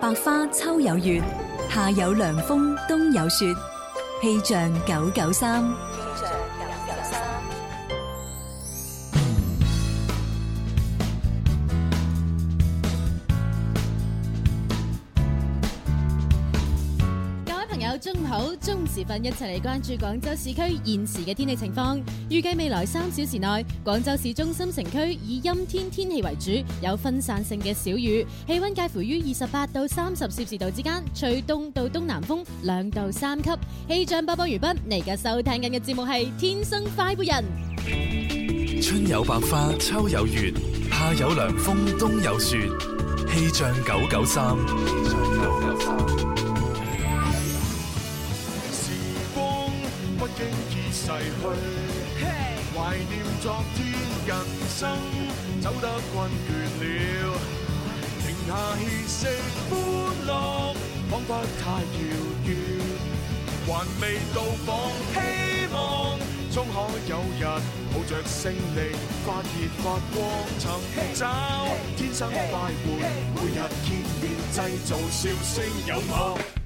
百花秋有月，夏有涼風，冬有雪，氣象九九三。時分一齊嚟關注廣州市區現時嘅天氣情況。預計未來三小時內，廣州市中心城區以陰天天氣為主，有分散性嘅小雨。氣溫介乎於二十八到三十攝氏度之間，吹東到東南風兩到三級。氣象播報完畢。你而家收聽緊嘅節目係《天生快活人》。春有百花，秋有月，夏有涼風，冬有雪。氣象九九三。氣象逝去，懷念昨天，人生走得困倦了，停下氣息，歡樂彷佛太遙遠，還未到訪希望，終可有日抱着勝利發熱發光，尋找天生快活，每日見面製造笑聲有我。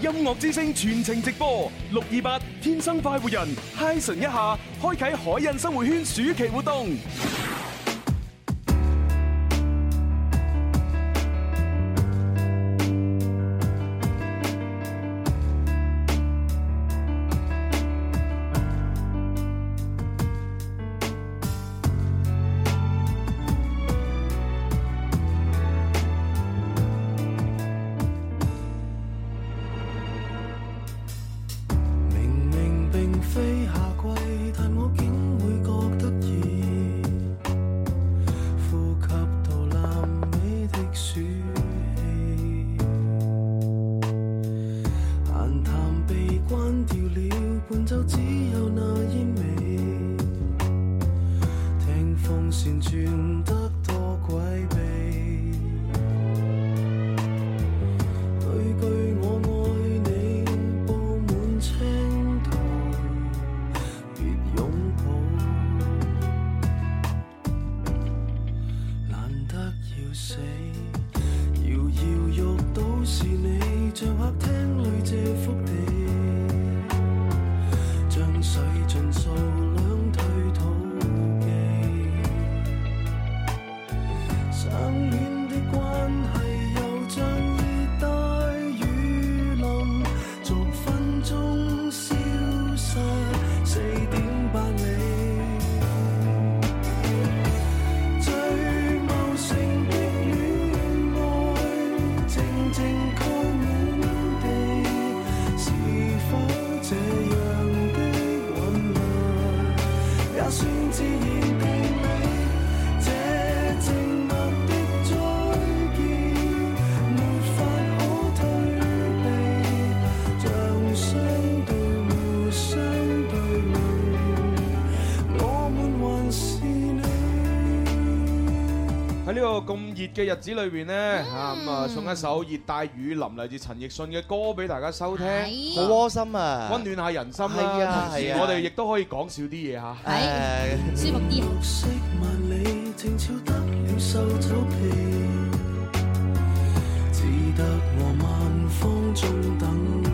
音樂之聲全程直播，六二八天生快活人，嗨神一下，開啟海印生活圈暑期活動。咁熱嘅日子裏邊呢，嚇咁啊，送一首熱帶雨林嚟自陳奕迅嘅歌俾大家收聽，好窩心啊，溫暖下人心啦，係啊，我哋亦都可以講少啲嘢嚇，係舒服啲啊。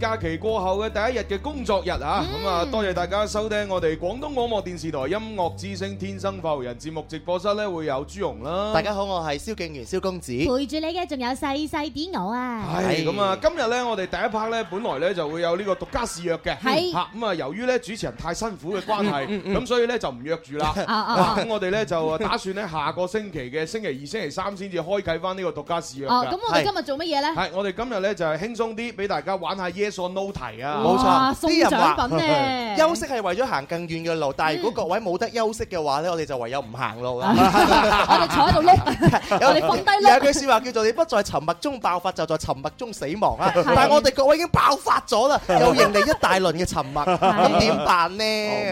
假期過後嘅第一日嘅工作日啊，咁啊、嗯、多謝大家收聽我哋廣東廣播電視台音樂之聲天生快活人節目直播室咧，會有朱容啦。大家好，我係蕭敬源蕭公子，陪住你嘅仲有細細啲我啊。係咁啊，今日咧我哋第一 part 咧本來咧就會有呢個獨家試約嘅，係吓咁啊，由於咧主持人太辛苦嘅關係，咁 所以咧就唔約住啦。咁我哋咧就打算咧下個星期嘅星期二、星期三先至開啟翻、哦、呢個獨家試約嘅。咁我哋今日做乜嘢咧？係我哋今日咧就係輕鬆啲，俾大家玩下 no 啊，冇錯，啲人品咧。休息係為咗行更遠嘅路，但係如果各位冇得休息嘅話咧，我哋就唯有唔行路啦。我哋坐喺度碌，有你放低。有句説話叫做：你不在沉默中爆發，就在沉默中死亡啊！但係我哋各位已經爆發咗啦，又迎嚟一大輪嘅沉默，咁點辦呢？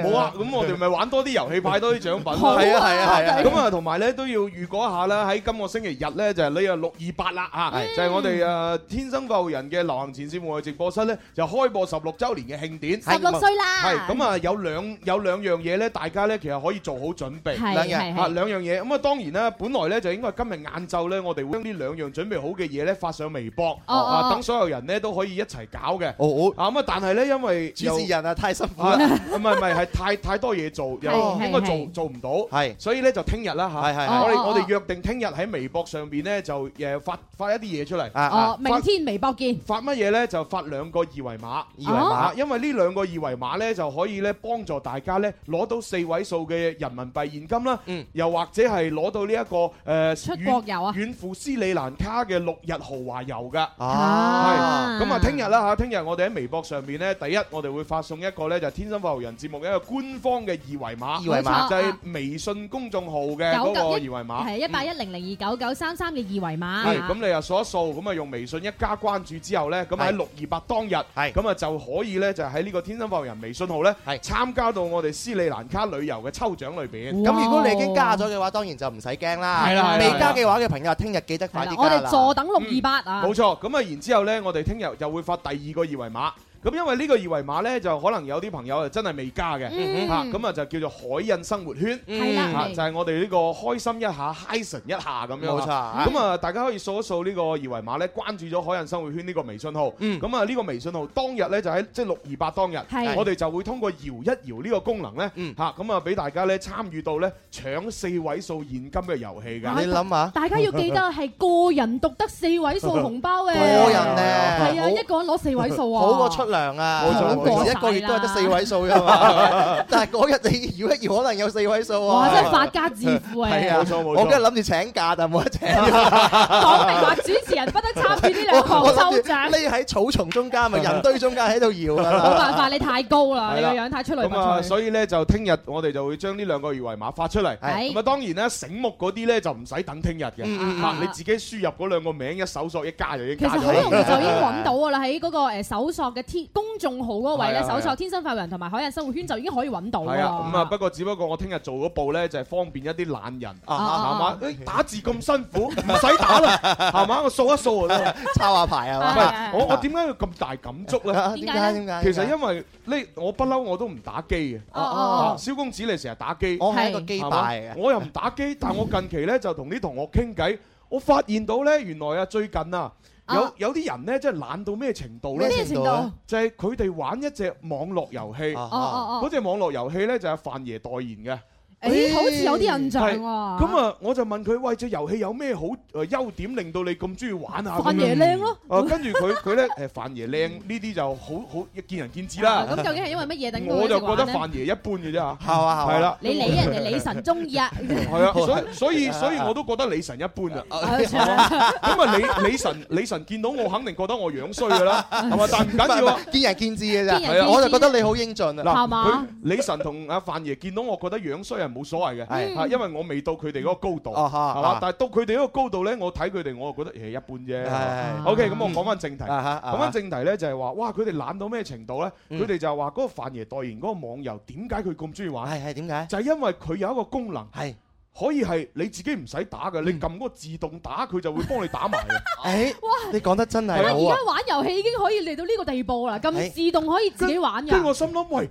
冇啊，咁我哋咪玩多啲遊戲，派多啲獎品咯。係啊，係啊，係啊。咁啊，同埋咧都要預告一下啦。喺今個星期日咧，就係呢日六二八啦啊，就係我哋誒天生快活人嘅流行前線戶外直播室。就開播十六週年嘅慶典，十六歲啦。係咁啊，有兩有兩樣嘢咧，大家咧其實可以做好準備兩嘢啊，兩樣嘢。咁啊，當然咧，本來咧就應該今日晏晝咧，我哋會將呢兩樣準備好嘅嘢咧發上微博啊，等所有人咧都可以一齊搞嘅。好啊咁啊，但係咧因為主持人啊太辛苦啦，唔係唔係係太太多嘢做，又應該做做唔到，係所以咧就聽日啦嚇。係係，我哋我哋約定聽日喺微博上邊咧就誒發發一啲嘢出嚟。啊哦，明天微博見。發乜嘢咧？就發兩個個二維碼二維碼，因為呢兩個二維碼咧就可以咧幫助大家咧攞到四位數嘅人民幣現金啦，又或者係攞到呢一個誒出國遊啊遠赴斯里蘭卡嘅六日豪華遊噶啊，咁啊聽日啦吓，聽日我哋喺微博上面咧，第一我哋會發送一個咧就天生快活人節目嘅一個官方嘅二維碼，就係微信公眾號嘅嗰個二維碼，係一八一零零二九九三三嘅二維碼，咁你又掃一掃，咁啊用微信一加關注之後咧，咁喺六二八當日係咁啊就可以咧就喺呢個天生快活人微信號咧係參加到我哋斯里蘭卡旅遊嘅抽獎裏邊。咁哇如果你已經加咗嘅話，當然就唔使驚啦。係啦，未加嘅話嘅朋友，聽日的記得快啲加啦。我哋坐等六二八啊。冇錯、嗯。咁啊，然之後咧，我哋聽日又會發第二個二維碼。咁因為呢個二維碼呢，就可能有啲朋友係真係未加嘅，嚇咁啊就叫做海印生活圈，嚇就係我哋呢個開心一下、嗨神一下咁樣。冇錯，咁啊大家可以掃一掃呢個二維碼呢，關注咗海印生活圈呢個微信號。咁啊呢個微信號當日呢，就喺即係六二八當日，我哋就會通過搖一搖呢個功能呢，嚇咁啊俾大家呢參與到呢搶四位數現金嘅遊戲㗎。你諗下，大家要記得係個人獨得四位數紅包嘅，個人呢，係啊，一個人攞四位數啊，好出。糧啊！冇錯一個月都係得四位數嘅嘛。但係嗰日你搖一搖，可能有四位數啊。哇！真係發家致富啊！係啊，冇錯冇錯。我梗係諗住請假，但冇得請。講明話主持人不得參與呢兩個抽獎。你喺草叢中間，啊，人堆中間喺度搖啊。冇辦法，你太高啦，你個樣太出類拔萃。咁啊，所以咧就聽日我哋就會將呢兩個二維碼發出嚟。咁啊，當然啦，醒目嗰啲咧就唔使等聽日嘅。嗯，你自己輸入嗰兩個名一搜索一加就已經。其實好容易就已經揾到㗎啦，喺嗰個搜索嘅公眾號嗰位咧，搜索「天生發人」同埋「海印生活圈」就已經可以揾到啦。係啊，咁啊，不過只不過我聽日做嗰步咧，就係方便一啲懶人啊，係嘛？打字咁辛苦，唔使打啦，係嘛？我掃一掃，抄下牌啊，我我點解要咁大感觸咧？點解？點解？其實因為呢，我不嬲我都唔打機嘅。哦哦。蕭公子你成日打機。我係一個機霸。我又唔打機，但係我近期咧就同啲同學傾偈，我發現到咧原來啊最近啊。有有啲人呢，即係懶到咩程度呢？程度就係佢哋玩一隻網絡遊戲，嗰隻、uh huh. 網絡遊戲呢，就係、是、范爺代言嘅。誒，好似有啲印象啊！咁啊，我就問佢，喂，隻遊戲有咩好誒優點，令到你咁中意玩啊？范爺靚咯！跟住佢，佢咧誒范爺靚呢啲就好好見仁見智啦。咁究竟係因為乜嘢等佢？我就覺得范爺一般嘅啫嚇，係嘛？係啦，你理人哋李晨中意啊，係啊，所所以所以我都覺得李晨一般啊。咁啊，李李晨李晨見到我肯定覺得我樣衰噶啦，係嘛？但唔緊要，見仁見智嘅啫，我就覺得你好英俊啊。嗱，佢李晨同阿范爺見到我覺得樣衰啊。冇所謂嘅，係，因為我未到佢哋嗰個高度，係嘛？但係到佢哋嗰個高度咧，我睇佢哋，我就覺得誒一般啫。O K，咁我講翻正題，講翻正題咧就係話，哇，佢哋懶到咩程度咧？佢哋就話嗰個范爺代言嗰個網遊，點解佢咁中意玩？係，係點解？就係因為佢有一個功能，係可以係你自己唔使打嘅，你撳嗰個自動打，佢就會幫你打埋。誒，哇，你講得真係好啊！而家玩遊戲已經可以嚟到呢個地步啦，咁自動可以自己玩嘅。跟住我心諗，喂。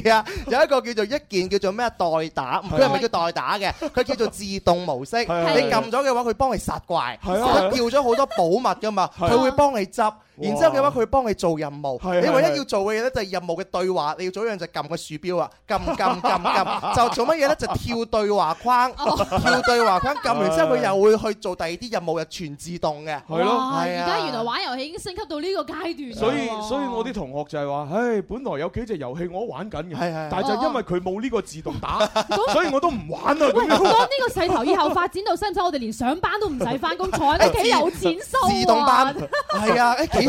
有一個叫做一件叫做咩代打，佢係咪叫代打嘅？佢叫做自動模式。你撳咗嘅話，佢幫你殺怪，係啊，佢掉咗好多寶物噶嘛，佢會幫你執。然之後嘅話，佢幫你做任務。你唯一要做嘅嘢呢，就係任務嘅對話。你要做一樣就撳個鼠標啊，撳撳撳撳，就做乜嘢呢？就跳對話框，跳對話框撳完之後，佢又會去做第二啲任務，又全自動嘅。係咯，而家原來玩遊戲已經升級到呢個階段。所以，所以我啲同學就係話，唉，本來有幾隻遊戲我玩緊嘅，但係就因為佢冇呢個自動打，所以我都唔玩啊。」咁樣。講呢個勢頭以後發展到，使唔使我哋連上班都唔使翻工，坐喺屋企有錢收？自動班係啊，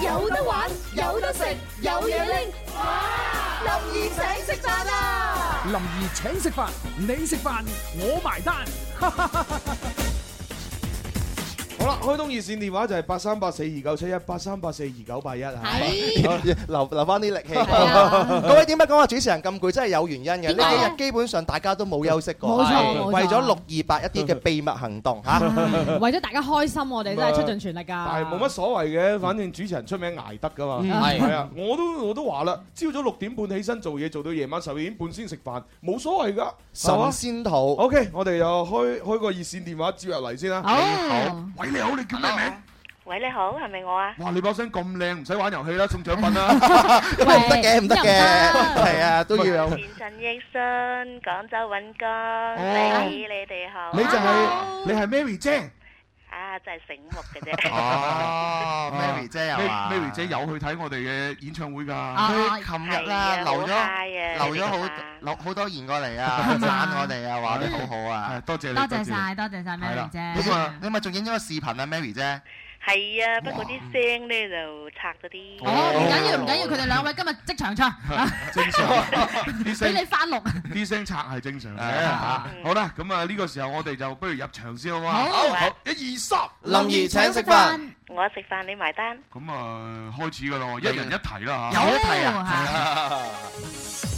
有得玩，有得食，有嘢拎，哇！林兒請食飯啦，林兒請食飯，啊，你食飯，我埋單。 開通熱線電話就係八三八四二九七一八三八四二九八一啊，留留翻啲力氣。各位點解講話主持人咁攰？真係有原因嘅。呢幾日基本上大家都冇休息過，冇錯，為咗六二八一啲嘅秘密行動吓，為咗大家開心，我哋真係出盡全力噶。但係冇乜所謂嘅，反正主持人出名捱得噶嘛。係啊，我都我都話啦，朝早六點半起身做嘢，做到夜晚十二點半先食飯，冇所謂噶。首先桃，OK，我哋又開開個熱線電話接入嚟先啦。你好，你叫咩名？喂，你好，係咪我啊？哇，你把聲咁靚，唔使玩遊戲啦，送獎品啦，唔得嘅，唔得嘅，係啊，都要啊。前程億順，廣州揾工，Mary 你哋好，你就係你係 Mary 姐。真係醒目嘅啫，Mary 姐啊，Mary 姐有去睇我哋嘅演唱會㗎，佢琴日啦留咗留咗好好多言過嚟啊，讚我哋啊，話得好好啊，多謝你，多謝晒！多謝晒 Mary 姐，你咪仲影咗個視頻啊，Mary 姐。係啊，不過啲聲咧就拆咗啲。哦，唔緊要唔緊要，佢哋兩位今日即場唱，俾你翻錄，啲聲拆係正常嘅。好啦，咁啊呢個時候我哋就不如入場先好嘛。好，一二三，林怡請食飯，我食飯你埋單。咁啊開始噶啦，一人一題啦吓。有一題啊。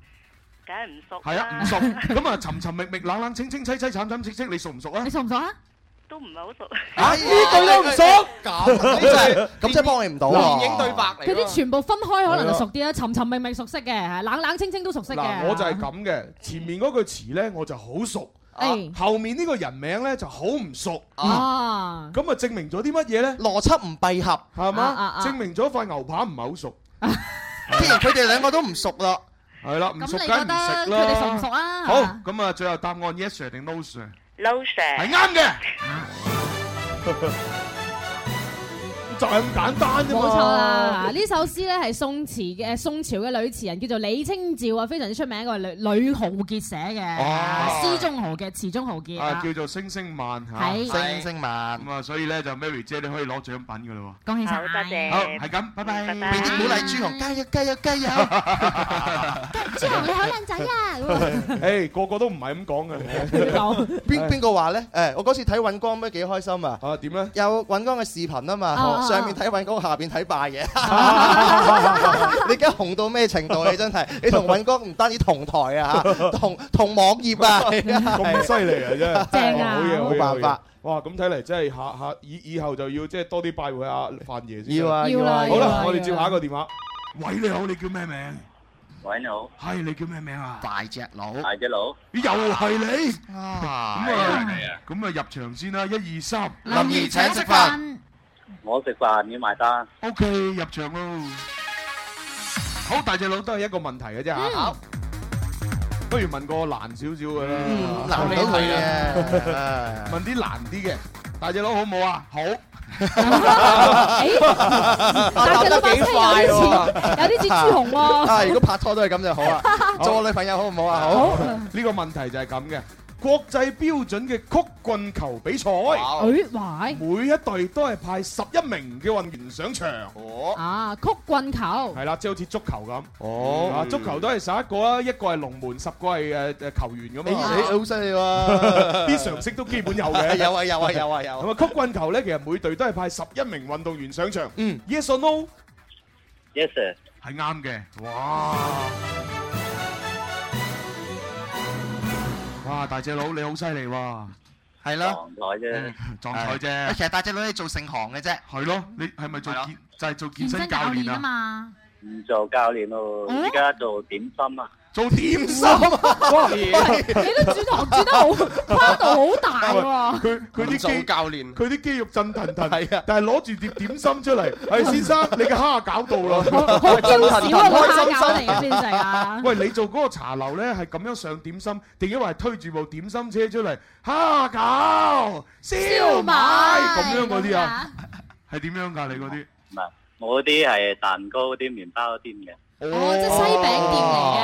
梗唔熟，係啊唔熟，咁啊尋尋覓覓冷冷清清淒淒慘慘戚戚，你熟唔熟啊？你熟唔熟啊？都唔係好熟，啊呢句都唔熟，咁即咁真係幫你唔到。電影對白嚟，啲全部分開可能就熟啲啦，尋尋覓覓熟悉嘅，係冷冷清清都熟悉嘅。我就係咁嘅，前面嗰句詞咧我就好熟，後面呢個人名咧就好唔熟啊。咁啊證明咗啲乜嘢咧？邏輯唔閉合係嘛？證明咗塊牛扒唔係好熟，既然佢哋兩個都唔熟啦。係啦，唔熟梗唔食啦。好，咁啊，最後答案 yes or no？no，係啱嘅。就咁簡單啫，冇錯啦。嗱，呢首詩咧係宋詞嘅宋朝嘅女詞人叫做李清照啊，非常之出名一個女女豪傑寫嘅。哦，詩中豪嘅詞中豪傑叫做《星星萬》星星萬咁啊，所以咧就 Mary 姐你可以攞獎品嘅咯喎。恭喜晒，多謝。係咁，拜拜。畀啲鼓勵朱紅，加油加油加油！朱紅你好靚仔啊！誒，個個都唔係咁講嘅。邊邊個話咧？誒，我嗰次睇尹光咩幾開心啊！啊，點咧？有尹光嘅視頻啊嘛。上面睇尹哥，下面睇拜爺。你而家紅到咩程度？你真係你同尹哥唔單止同台啊，同同網頁啊，咁犀利啊，真係，正啊，冇嘢冇辦法。哇！咁睇嚟真係下下以以後就要即係多啲拜會阿范爺先。要啊，要啦。好啦，我哋接下一個電話。喂，你好，你叫咩名？喂，你好。係你叫咩名啊？大隻佬。大隻佬。又係你。啊。咁啊，咁啊，入場先啦，一二三。林怡請食飯。我食飯，你要埋單。O、okay, K，入場咯。好大隻佬都係一個問題嘅啫吓，不如問個難少少嘅啦。難唔到你嘅，問啲 難啲嘅。大隻佬好唔好啊？好。大隻佬幾靚喎，有啲似，有啲似朱紅喎、啊。啊，如果拍拖都係咁就好啊。好。做我女朋友好唔好啊？好。呢個問題就係咁嘅。國際標準嘅曲棍球比賽，每、哦哎、每一隊都係派十一名嘅運動員上場。哦，啊，曲棍球係啦，即係好似足球咁。哦、嗯啊，足球都係十一個啊，一個係龍門，十個係誒誒球員㗎嘛。你好犀利喎！啲 常識都基本有嘅、 啊，有啊有啊有啊有。係咪 曲棍球咧？其實每隊都係派十一名運動員上場。嗯，Yes or No？Yes sir，係啱嘅。哇！哇、啊！大隻佬你好犀利喎，係 咯，撞彩啫，撞彩啫。其實大隻佬你做盛行嘅啫，係咯，你係咪做健咯就係做健身教練啊？唔做教練咯，而家做點心啊。做點心，哇！你都轉行轉得好跨度好大喎。佢佢啲教練，佢啲肌肉震騰騰，係噶。但係攞住碟點心出嚟，係先生，你嘅蝦餃到啦！震騰騰嘅蝦餃嚟嘅，邊成啊？喂，你做嗰個茶樓咧，係咁樣上點心，定係話係推住部點心車出嚟，蝦餃燒賣咁樣嗰啲啊？係點樣㗎？你嗰啲唔係，我啲係蛋糕啲、麵包啲嘅。哦，即西餅店嚟嘅。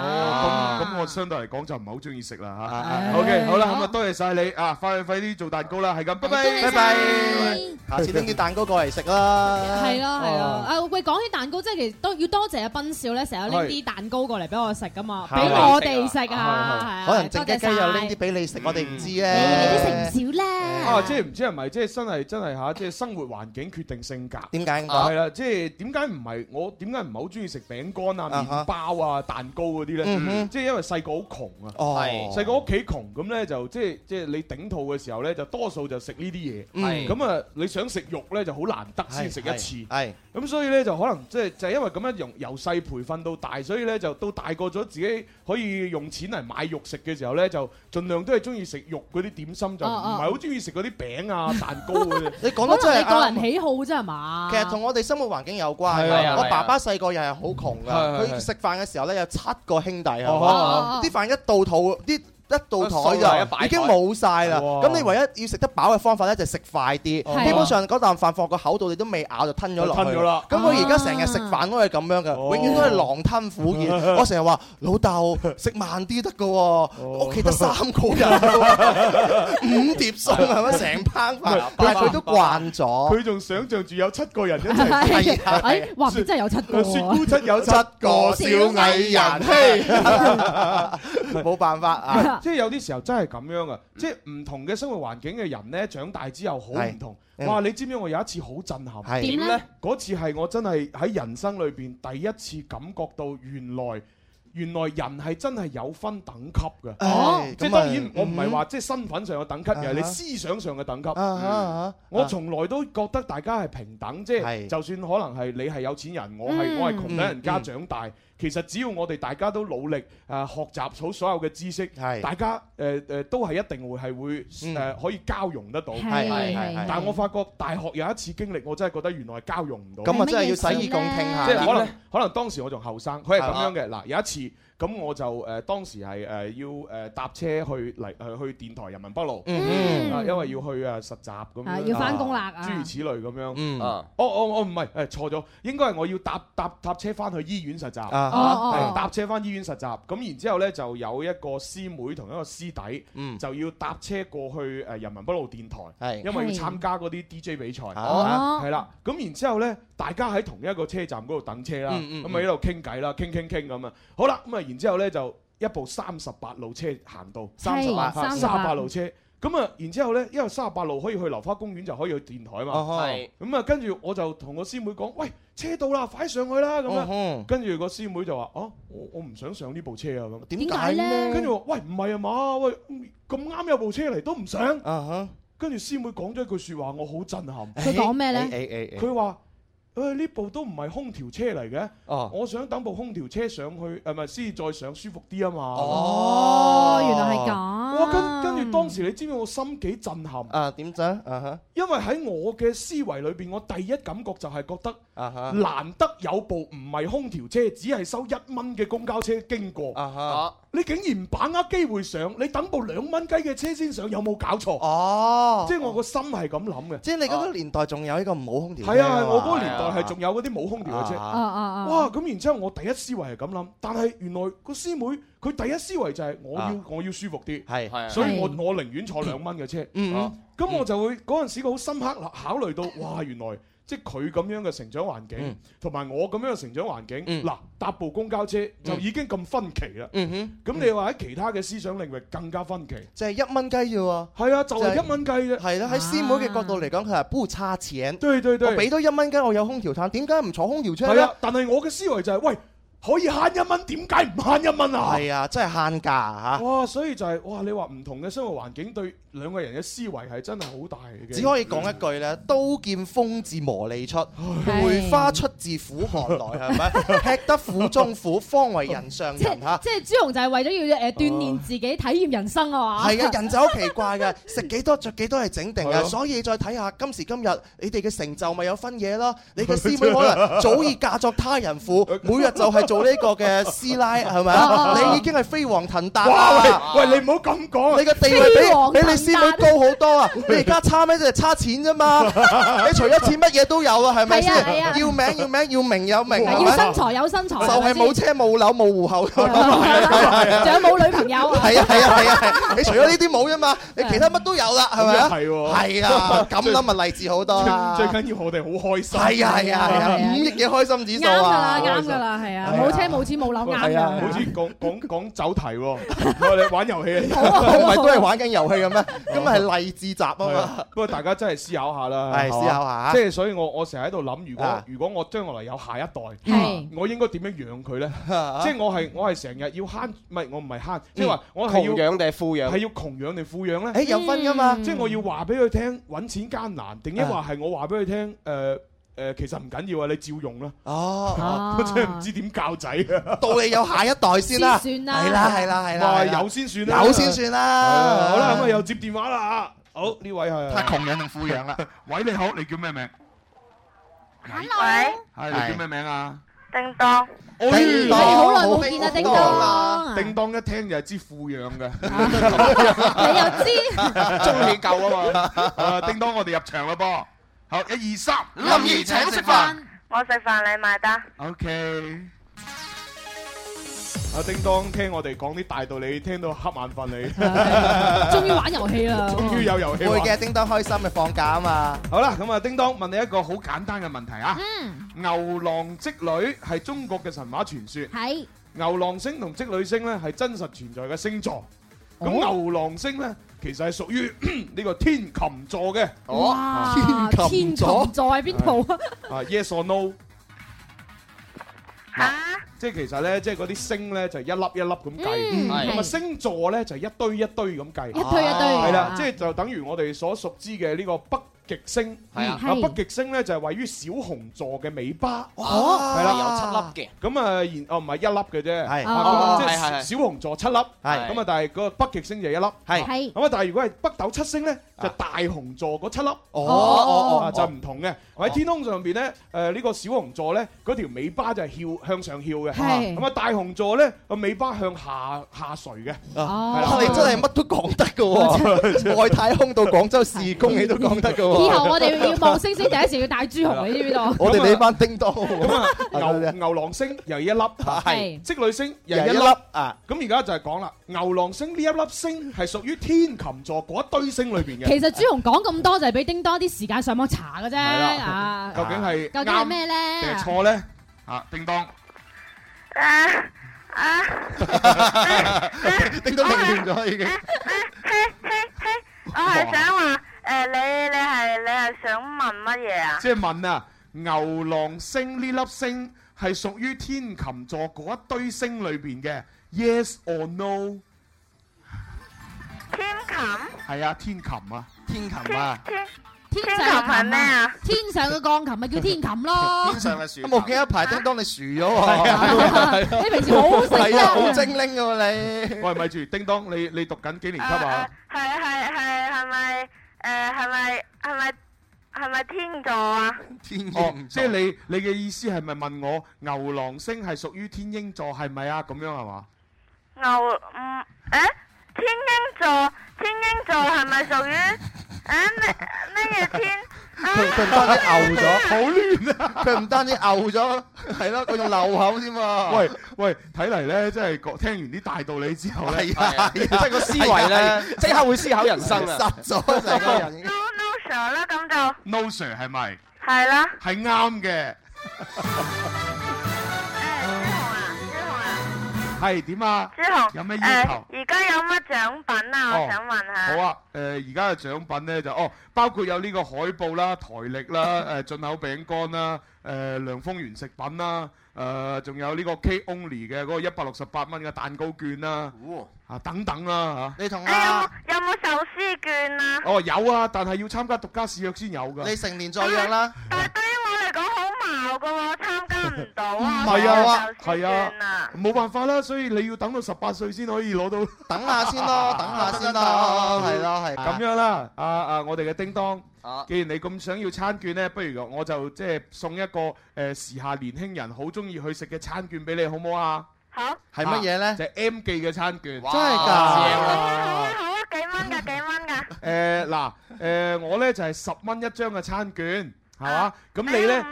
哦，咁咁我相對嚟講就唔係好中意食啦嚇。O K，好啦咁啊，多謝晒你啊，快啲快啲做蛋糕啦，係咁，拜拜拜拜，下次拎啲蛋糕過嚟食啦。係咯係咯，啊，喂，講起蛋糕，即其實都要多謝阿斌少咧，成日拎啲蛋糕過嚟俾我食噶嘛，俾我哋食啊。可能靜雞雞又拎啲俾你食，我哋唔知咧。你都食唔少咧。哦，即唔知係咪即真係真係嚇，即生活環境決定性格。點解啊？係啦，即點解唔係我點解唔係好中意食餅？餅乾啊、麵包啊、蛋糕嗰啲咧，即係因為細個好窮啊，細個屋企窮，咁咧就即係即係你頂肚嘅時候咧，就多數就食呢啲嘢，咁啊你想食肉咧就好難得先食一次，咁所以咧就可能即係就係因為咁樣由由細培訓到大，所以咧就到大個咗自己可以用錢嚟買肉食嘅時候咧，就盡量都係中意食肉嗰啲點心，就唔係好中意食嗰啲餅啊蛋糕。你講得真係個人喜好啫嘛，其實同我哋生活環境有關。我爸爸細個又係好窮。佢食飯嘅時候咧，有七個兄弟、oh、 啊！啲飯一到肚啲。一到台就已經冇晒啦。咁你唯一要食得飽嘅方法咧，就食快啲。基本上嗰啖飯放個口度，你都未咬就吞咗落去。吞咗啦。咁佢而家成日食飯都係咁樣嘅，永遠都係狼吞虎咽。我成日話老豆，食慢啲得㗎喎，屋企得三個人，五碟餸係咪成盤飯？但係佢都慣咗。佢仲想象住有七個人一齊。係。誒，畫面真係有七個。雪姑七友七個小矮人。冇辦法啊。即係有啲時候真係咁樣噶，即係唔同嘅生活環境嘅人呢，長大之後好唔同。哇！你知唔知我有一次好震撼點呢？嗰次係我真係喺人生裏邊第一次感覺到，原來原來人係真係有分等級嘅。即係當然，我唔係話即係身份上有等級嘅，而係你思想上嘅等級。我從來都覺得大家係平等，即係就算可能係你係有錢人，我係我係窮等人家長大。其實只要我哋大家都努力誒、啊、學習好所有嘅知識，是大家誒誒、呃呃、都係一定會係會誒、嗯啊、可以交融得到。係係但係我發覺大學有一次經歷，我真係覺得原來係交融唔到。咁我真係要洗耳恭聽下。即係可能可能當時我仲後生，佢係咁樣嘅嗱吧有一次。咁我就誒當時係誒要誒搭車去嚟去電台人民北路，因為要去啊實習咁樣，要翻工啦諸如此類咁樣。哦哦哦唔係誒錯咗，應該係我要搭搭搭車翻去醫院實習，搭車翻醫院實習。咁然之後呢，就有一個師妹同一個師弟就要搭車過去誒人民北路電台，因為要參加嗰啲 DJ 比賽係啦。咁然之後呢，大家喺同一個車站嗰度等車啦，咁啊喺度傾偈啦，傾傾傾咁啊。好啦，咁啊～然之後咧就一部三十八路車行到，三十八路車咁啊！然之後咧，因為三十八路可以去流花公園，就可以去電台嘛。係。咁啊，跟住我就同個師妹講：喂，車到啦，快上去啦！咁樣。跟住個師妹就話：哦，我我唔想上呢部車啊！點解咧？跟住我：喂，唔係啊嘛，喂，咁啱有部車嚟都唔上。啊哈！跟住師妹講咗一句説話，我好震撼。佢講咩咧？佢話。呢、哎、部都唔係空調車嚟嘅，哦、我想等部空調車上去，係咪先再上舒服啲啊嘛？哦，原來係咁。跟跟住當時你知唔知我心幾震撼？啊，點解？Uh huh. 因為喺我嘅思維裏邊，我第一感覺就係覺得，啊，難得有部唔係空調車，只係收一蚊嘅公交車經過，uh huh. 啊，你竟然把握機會上，你等部兩蚊雞嘅車先上，有冇搞錯？哦、uh，huh. 即係我個心係咁諗嘅。即係你嗰個年代仲有呢個冇空調車？係、uh huh. 啊，係我嗰個年代。係仲有啲冇空調嘅車，啊、哇！咁然之後我第一思維係咁諗，但係原來個師妹佢第一思維就係我要、啊、我要舒服啲，係所以我、嗯、我寧願坐兩蚊嘅車，咁、嗯嗯、我就會嗰陣時個好深刻考慮到，哇！原來。即係佢咁樣嘅成長環境，同埋、嗯、我咁樣嘅成長環境，嗱、嗯、搭部公交車就已經咁分歧啦。咁、嗯嗯、你話喺其他嘅思想領域更加分歧。就係一蚊雞啫喎。係啊，就係、是、一蚊雞啫。係啦、啊，喺師妹嘅角度嚟講，佢係不差錢。對對對，我俾多一蚊雞，我有空調嘆，點解唔坐空調車？係啊，但係我嘅思維就係、是、喂。可以慳一蚊，點解唔慳一蚊啊？係啊，真係慳家嚇、啊！哇，所以就係、是、哇，你話唔同嘅生活環境對兩個人嘅思維係真係好大嘅。只可以講一句咧：刀劍鋒自磨礪出，梅花出自苦寒來，係咪？ 吃得苦中苦，方為人上人嚇。即係朱紅就係為咗要誒鍛鍊自己，啊、體驗人生啊嘛。係啊，人就好奇怪嘅，食幾 多著幾多係整定嘅，啊、所以再睇下今時今日你哋嘅成就咪有分嘢咯。你嘅師妹可能早已嫁作他人婦，每日就係、是。做呢個嘅師奶係咪啊？你已經係飛黃騰達。哇！喂，你唔好咁講，你個地位比比你師妹高好多啊！你而家差咩？就係差錢啫嘛！你除咗錢，乜嘢都有啊？係咪先？要名要名要名有名，要身材有身材，就係冇車冇樓冇戶口。仲有冇女朋友？係啊係啊係啊！你除咗呢啲冇啫嘛，你其他乜都有啦，係咪啊？係啊，咁諗咪勵志好多，最緊要我哋好開心。係啊係啊係啊！五億嘅開心指數啊！啱噶啦，啱係啊！冇車冇錢冇樓硬㗎，好似講講講走題喎！你玩遊戲啊？我唔係都係玩緊遊戲嘅咩？咁係勵志集啊嘛！不過大家真係思考下啦，思考下。即係所以我我成日喺度諗，如果如果我將來有下一代，我應該點樣養佢咧？即係我係我係成日要慳，唔係我唔係慳，即係話我係要窮養定係富養？係要窮養定富養咧？誒，有分㗎嘛！即係我要話俾佢聽，揾錢艱難，定抑或係我話俾佢聽誒？誒，其實唔緊要啊，你照用啦。哦，即係唔知點教仔，到你有下一代先啦。算啦，係啦，係啦，係啦。有先算啦，有先算啦。好啦，咁啊，又接電話啦。好，呢位係。太窮養定富養啦？喂，你好，你叫咩名？喂，係你叫咩名啊？叮噹，叮噹，好耐冇見啦，叮噹。叮噹一聽就係知富養嘅，你又知？中意狗啊嘛？誒，叮噹，我哋入場啦噃。好，一二三，林儀請食飯，我食飯你埋單。O K，阿叮當聽我哋講啲大道理，聽到瞌眼瞓你。終於玩遊戲啦，終於有遊戲。會嘅，叮當開心嘅放假啊嘛。好啦，咁啊，叮當問你一個好簡單嘅問題啊。嗯。牛郎織女係中國嘅神話傳說。係。牛郎星同織女星咧係真實存在嘅星座。咁牛郎星咧？其實係屬於呢個天琴座嘅。哦，天琴座喺邊度啊？啊，Yes or no？吓？即係其實咧，即係嗰啲星咧就一粒一粒咁計，係咪？星座咧就係一堆一堆咁計，一堆一堆，係啦，即係就等於我哋所熟知嘅呢個北極星係啊，北極星咧就係位於小熊座嘅尾巴，係啦，有七粒嘅，咁啊然哦唔係一粒嘅啫，係即係小熊座七粒，係咁啊但係個北極星就一粒，係咁啊但係如果係北斗七星咧就大熊座嗰七粒，哦哦就唔同嘅，喺天空上邊咧，誒呢個小熊座咧嗰條尾巴就係翹向上翹嘅，係咁啊大熊座咧個尾巴向下下垂嘅，哦，你真係乜都講得噶，外太空到廣州市公你都講得噶。以後我哋要望星星，第一時要帶朱紅喺呢邊度。我哋呢班叮噹，咁啊牛牛郎星又一粒，係織女星又一粒啊！咁而家就係講啦，牛郎星呢一粒星係屬於天琴座嗰一堆星裏邊嘅。其實朱紅講咁多就係俾叮噹一啲時間上網查㗎啫。係啦，究竟係究竟係咩咧？定係錯咧啊！叮噹，啊啊！叮噹混亂咗已經。我係想話。誒，你你係你係想問乜嘢啊？即係問啊，牛郎星呢粒星係屬於天琴座嗰一堆星裏邊嘅？Yes or no？天琴？係啊，天琴啊，天琴啊，天琴係咩啊？天上嘅鋼琴咪叫天琴咯。天上嘅豎琴。我驚一排叮當，你豎咗嘛？你平時好精靈，好精靈嘅喎你。我係咪住叮當？你你讀緊幾年級啊？係係係係咪？誒係咪係咪係咪天座啊？天鷹英座，哦，即係你你嘅意思係咪問我牛郎星係屬於天鷹座係咪啊？咁樣係嘛？牛嗯誒？誒天鷹座，天鷹座係咪屬於啊咩咩嘢天？佢佢唔單止嘔咗，好亂啊！佢唔單止嘔咗，係咯，佢仲漏口添啊！喂喂，睇嚟咧，真係講聽完啲大道理之後咧，即係個思維咧，即刻會思考人生啊！失咗成個人。No No sir 啦，咁就。No sir 係咪？係啦。係啱嘅。係點啊？之後有咩要求？而家有乜獎品啊？我想問下。好啊，誒而家嘅獎品咧就哦，包括有呢個海報啦、台曆啦、誒進口餅乾啦、誒涼風源食品啦、誒仲有呢個 K Only 嘅嗰個一百六十八蚊嘅蛋糕券啊，啊等等啦嚇。你同我啊？有冇有冇壽司券啊？哦，有啊，但係要參加獨家試藥先有㗎。你成年再約啦。但係對於我嚟講，好。如果我參加唔到，啊，唔係啊嘛，係啊，冇辦法啦，所以你要等到十八歲先可以攞到。等下先咯，等下先啦，係啦，係。咁樣啦，阿阿我哋嘅叮當，既然你咁想要餐券咧，不如我就即係送一個誒時下年輕人好中意去食嘅餐券俾你好唔好啊？好。係乜嘢咧？就係 M 記嘅餐券，真係㗎，好好啊好，幾蚊㗎幾蚊㗎？誒嗱誒，我咧就係十蚊一張嘅餐券。係嘛？咁你咧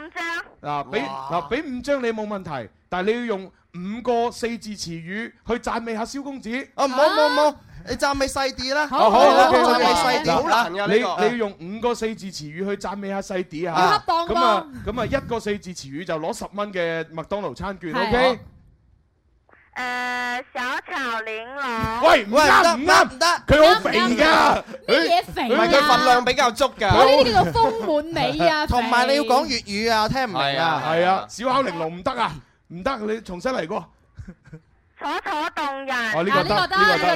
嗱，俾，嗱俾五張你冇問題，但係你要用五個四字詞語去讚美下蕭公子。唔好唔好唔好，你讚美細啲啦。好，好，好，讚美細啲。好難噶呢個，你要用五個四字詞語去讚美下細啲嚇。咁啊，咁啊，一個四字詞語就攞十蚊嘅麥當勞餐券。O K。誒，小巧玲瓏。喂，唔得唔得唔得，佢好肥噶，乜嘢肥啊？唔係佢份量比較足噶。我呢啲叫做豐滿美啊！同埋你要講粵語啊，我聽唔明啊？係啊，小巧玲瓏唔得啊，唔得，你重新嚟過。楚楚動人，啊呢個得，呢個呢個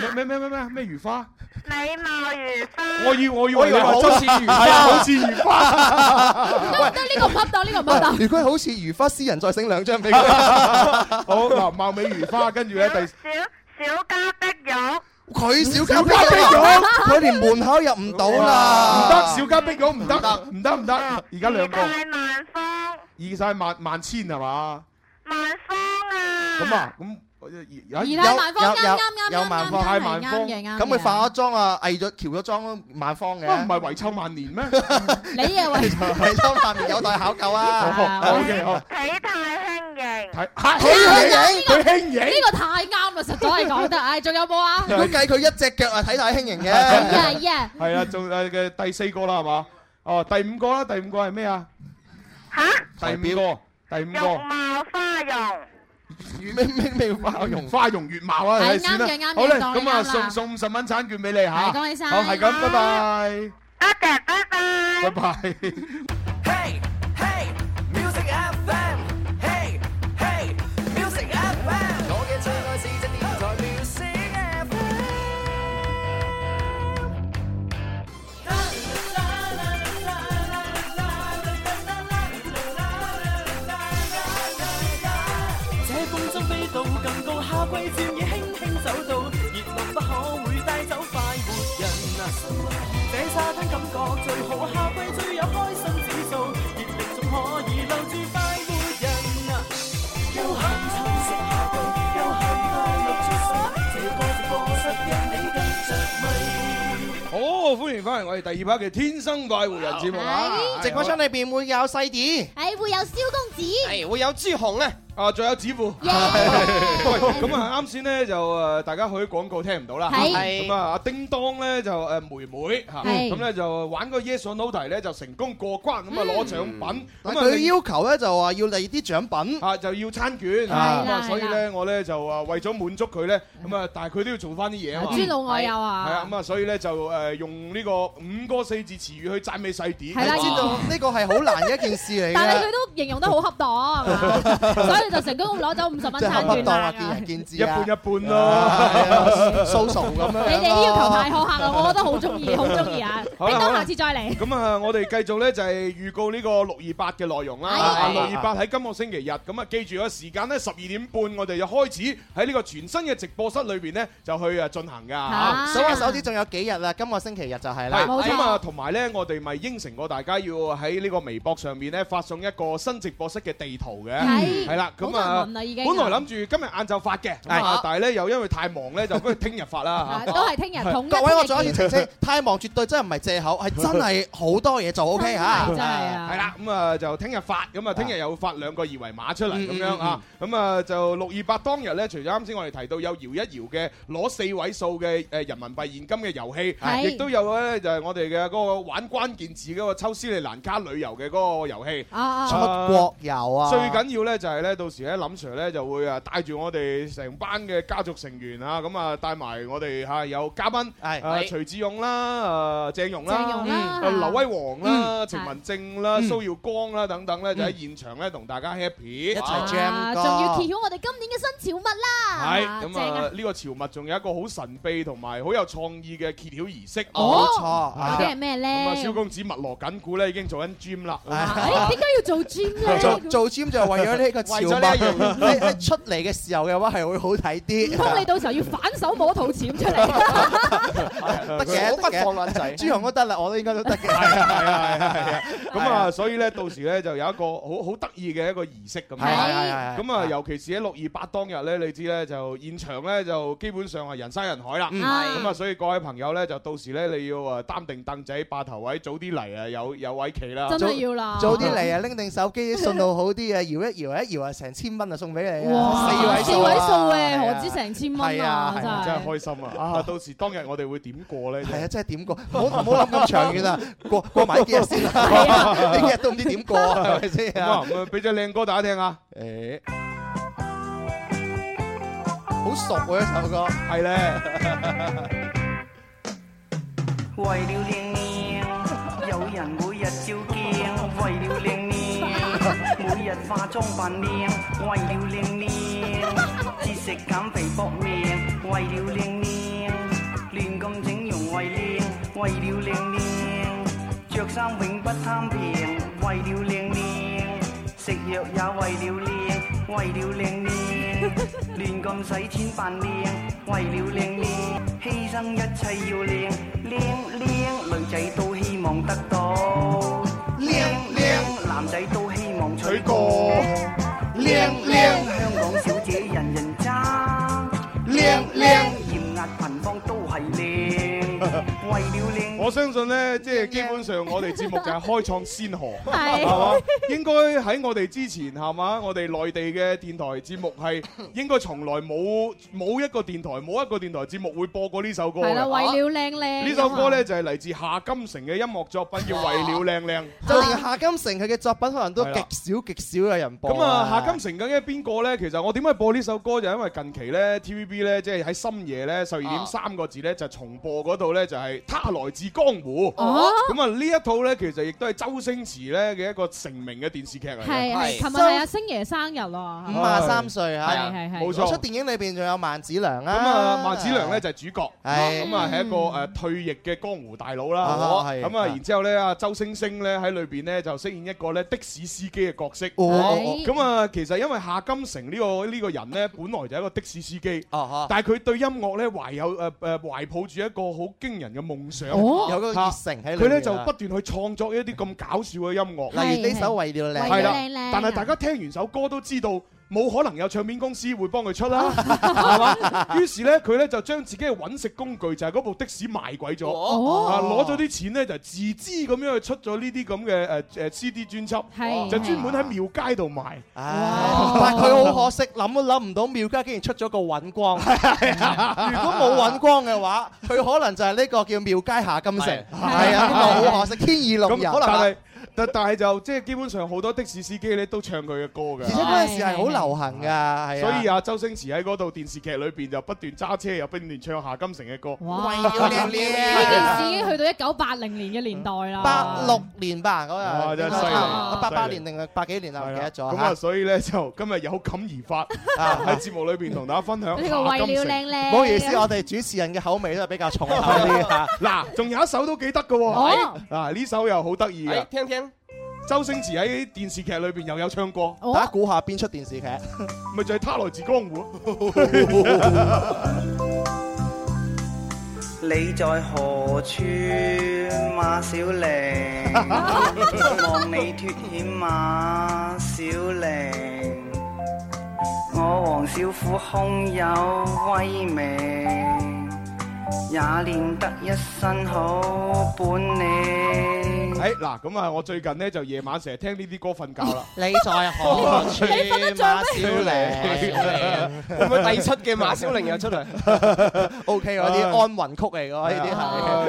得。咩咩咩咩咩？如花？美貌如花，我要，我要，我要話好似如花，好似如花。都唔得呢個唔恰當？呢個唔恰當？如果好似如花，私人再醒兩張俾佢。好嗱，貌美如花，跟住咧第小小家碧玉，佢小家碧玉，佢連門口入唔到啦，唔得，小家碧玉唔得，唔得唔得，而家兩個。二晒萬萬千係嘛？萬芳啊！咁啊咁。儀態萬方啱啱啱，儀態萬方咁佢化咗妝啊，偽咗、喬咗妝，萬方嘅，唔係遺臭萬年咩？你嘅遺臭萬年有待考究啊！好嘅，好體態輕盈，體態輕盈，佢輕盈，呢個太啱啦，實在係講得，唉，仲有冇啊？我計佢一隻腳啊，體態輕盈嘅，yeah yeah，係啊，仲誒嘅第四個啦，係嘛？哦，第五個啦，第五個係咩啊？嚇？第五個，第五個容貌花容。月 明明妙花、啊、容花容月貌啊，係啱嘅，啱好啦，咁、嗯、啊，啊送送五十蚊餐券俾你吓、啊，恭喜晒，好係咁，啊、拜拜，得嘅、啊，啊啊、拜拜，拜拜。翻嚟我哋第二 part 嘅天生快活人節目直播室裏邊會有細弟，哎，會有肖公子，哎、會有朱紅咧、啊。啊，仲有指父，咁啊啱先咧就誒，大家去廣告聽唔到啦。咁啊，叮當咧就誒妹妹嚇，咁咧就玩嗰個 Yes or No 題咧就成功過關，咁啊攞獎品。咁佢要求咧就話要嚟啲獎品啊，就要餐券啊，所以咧我咧就啊為咗滿足佢咧，咁啊但係佢都要做翻啲嘢啊嘛。豬腦我有啊，係啊，咁啊所以咧就誒用呢個五個四字詞語去讚美細碟，係啦，知道呢個係好難嘅一件事嚟。但係佢都形容得好恰當。就成功攞走五十蚊餐券啊！一半一半咯，so so 咁樣。你哋要求太苛刻啦，我覺得好中意，好中意啊！好等下次再嚟。咁啊，我哋繼續咧，就係預告呢個六二八嘅內容啦。六二八喺今個星期日，咁啊，記住個時間咧，十二點半，我哋就開始喺呢個全新嘅直播室裏邊咧，就去啊進行㗎嚇。數下手指，仲有幾日啦？今個星期日就係啦。好啊！咁啊，同埋咧，我哋咪應承過大家，要喺呢個微博上面咧發送一個新直播室嘅地圖嘅，係啦。咁啊，本來諗住今日晏晝發嘅，但係咧又因為太忙咧，就不如聽日發啦嚇。都係聽日統。各位我再可以澄清，太忙絕對真係唔係藉口，係真係好多嘢做 OK 嚇。真係啊。係啦，咁啊就聽日發，咁啊聽日又發兩個二維碼出嚟咁樣啊。咁啊就六二八當日咧，除咗啱先我哋提到有搖一搖嘅攞四位數嘅誒人民幣現金嘅遊戲，係亦都有咧就係我哋嘅嗰個玩關鍵字嗰個抽斯里蘭卡旅遊嘅嗰個遊戲。啊啊！出國遊啊！最緊要咧就係咧。到時咧，林 Sir 咧就會啊帶住我哋成班嘅家族成員啊，咁啊帶埋我哋嚇有嘉賓，啊徐志勇啦，啊鄭融啦，鄭融啦，劉威煌啦，陳文靜啦，蘇耀光啦等等咧，就喺現場咧同大家 happy，一齊 jam 仲要揭曉我哋今年嘅新潮物啦。咁啊，呢個潮物仲有一個好神秘同埋好有創意嘅揭曉儀式。冇錯，嗰係咩咧？咁啊，小公子密鑼緊鼓咧已經做緊 gym 啦。點解要做 gym 咧？做做 gym 就係為咗呢個你喺出嚟嘅時候嘅話係會好睇啲。唔通你到時候要反手摸套錢出嚟？得嘅，不放卵仔。朱紅都得啦，我都應該都得嘅。係啊係啊係啊！咁啊，所以咧到時咧就有一個好好得意嘅一個儀式咁啊。咁啊，尤其是喺六二八當日咧，你知咧就現場咧就基本上係人山人海啦。係。咁啊，所以各位朋友咧就到時咧你要啊擔定凳仔、霸頭位，早啲嚟啊，有有位企啦。真係要啦。早啲嚟啊，拎定手機，信號好啲啊，搖一搖一搖啊！成千蚊啊，送俾你啊，四位四位數誒，何止成千蚊啊，真係開心啊！到時當日我哋會點過咧？係啊，真係點過？唔好唔好諗咁長遠啊，過過埋呢幾日先啦，呢幾日都唔知點過，係咪先啊？唔俾隻靚歌大家聽啊！誒，好熟啊，一首歌，係咧。為了靚，有人每日照鏡，為了靚。日化妝扮靚，為了靚靚；節食減肥搏命，為了靚靚；亂咁整容為靚，為了靚靚；着衫永不貪平，為了靚靚；食藥也為了靚，為了靚靚；亂咁使錢扮靚，為了靚靚；犧牲一切要靚，靚靚女仔都希望得到，靚靚男仔都，靚靚靚靚香港小姐人人爭，靚靚艷壓群芳都係靚。 為了靚我相信咧，即係基本上我哋節目就係開創先河，係嘛？應該喺我哋之前，係嘛？我哋內地嘅電台節目係應該從來冇冇一個電台冇一個電台節目會播過呢首歌嘅。係啦，為了靚靚呢首歌咧，就係嚟自夏金城嘅音樂作品，叫為了靚靚。就連夏金城佢嘅作品，可能都極少極少有人播。咁啊，夏金城究竟係邊個咧？其實我點解播呢首歌就係因為近期咧，TVB 咧即係喺深夜咧十二點三個字咧就重播嗰度咧就係。他來自江湖，咁啊呢一套咧，其實亦都係周星馳咧嘅一個成名嘅電視劇嚟。係，琴日，係阿星爺生日咯，五啊三歲吓，係係，冇錯。出電影裏邊仲有萬梓良啊，咁啊萬梓良咧就係主角，咁啊係一個誒退役嘅江湖大佬啦，咁啊然之後咧阿周星星咧喺裏邊咧就飾演一個咧的士司機嘅角色，咁啊其實因為夏金城呢個呢個人咧本來就係一個的士司機，但係佢對音樂咧懷有誒誒懷抱住一個好驚人嘅。夢想有個熱誠，佢咧就不斷去創作一啲咁搞笑嘅音樂，是例如呢首《為了靚》的，的你但係大家聽完首歌都知道。冇可能有唱片公司會幫佢出啦，係嘛？於是咧，佢咧就將自己嘅揾食工具就係嗰部的士賣鬼咗，啊攞咗啲錢咧就自資咁樣去出咗呢啲咁嘅誒誒 CD 專輯，就專門喺廟街度賣。但佢好可惜，諗都諗唔到廟街竟然出咗個尹光。如果冇尹光嘅話，佢可能就係呢個叫廟街下金城。係啊，呢個好可惜，天意弄人。但但係就即係基本上好多的士司機咧都唱佢嘅歌嘅。其實嗰陣時係好流行㗎，係。所以阿周星馳喺嗰度電視劇裏邊就不斷揸車，又不斷唱夏金城嘅歌。哇！為了靚靚，呢件事已經去到一九八零年嘅年代啦。八六年吧，嗰陣。哇！真係犀利。八八年定八幾年啊？唔記得咗。咁啊，所以咧就今日有感而發啊，喺節目裏邊同大家分享。呢個為了靚靚。唔好意思，我哋主持人嘅口味都係比較重啲。嗱，仲有一首都幾得㗎喎。嗱，呢首又好得意嘅。嚟聽聽。周星馳喺電視劇裏邊又有唱歌，大家估下邊出電視劇，咪 就係《他來自江湖》 。 你在何處，馬小玲？望 你脫險，馬小玲。我黃小虎空有威名，也練得一身好本領。誒嗱，咁啊，我最近咧就夜晚成日聽呢啲歌瞓覺啦。你瞓得着咩？馬少玲，會唔會第七嘅馬少玲又出嚟？OK，嗰啲安魂曲嚟㗎，呢啲係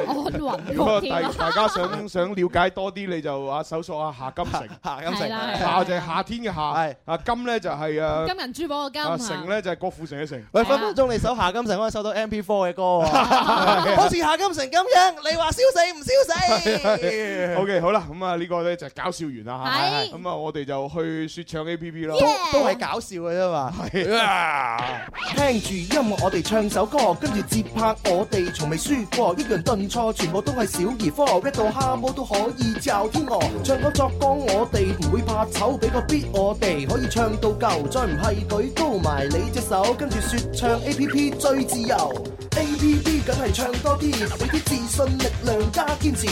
安魂曲。如果大大家想想了解多啲，你就啊搜索啊夏金城，夏金城，夏就係夏天嘅夏，啊金咧就係啊金銀珠寶嘅金，城咧就係郭富城嘅城。喂，分分鐘你搜夏金城可以搜到 MP4 嘅歌。好似夏金城，噉樣，你話燒死唔燒死？O、okay, K，好啦，咁、嗯、啊、這個、呢個咧就是，搞笑完啦吓，咁啊我哋就去說唱 A P P 咯，都係搞笑嘅啫嘛。係啊，聽住音樂我哋唱首歌，跟住節拍我哋從未輸過，一樣頓挫全部都係小兒科，rap 到蝦毛都可以招天鵝，唱歌作歌我哋唔會怕醜，俾個 beat 我哋可以唱到夠，再唔係舉高埋你隻手，跟住說唱 A P P 最自由 A P P。P 梗係 唱多啲，俾啲自信力量加堅持。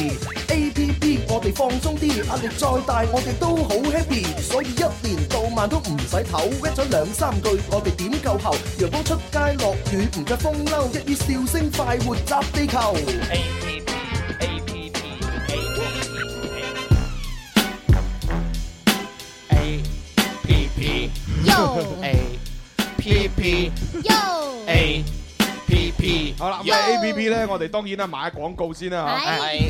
A P P，我哋放鬆啲，壓力再大我哋都好 happy。所以一年到晚都唔使唞，搵咗、mm hmm. 兩三句我哋點夠喉，陽光出街落雨唔怕風褸，一啲笑聲快活集地球 A P P A P P A P P A P P 好啦，而 A P P 咧，我哋當然咧買廣告先啦，係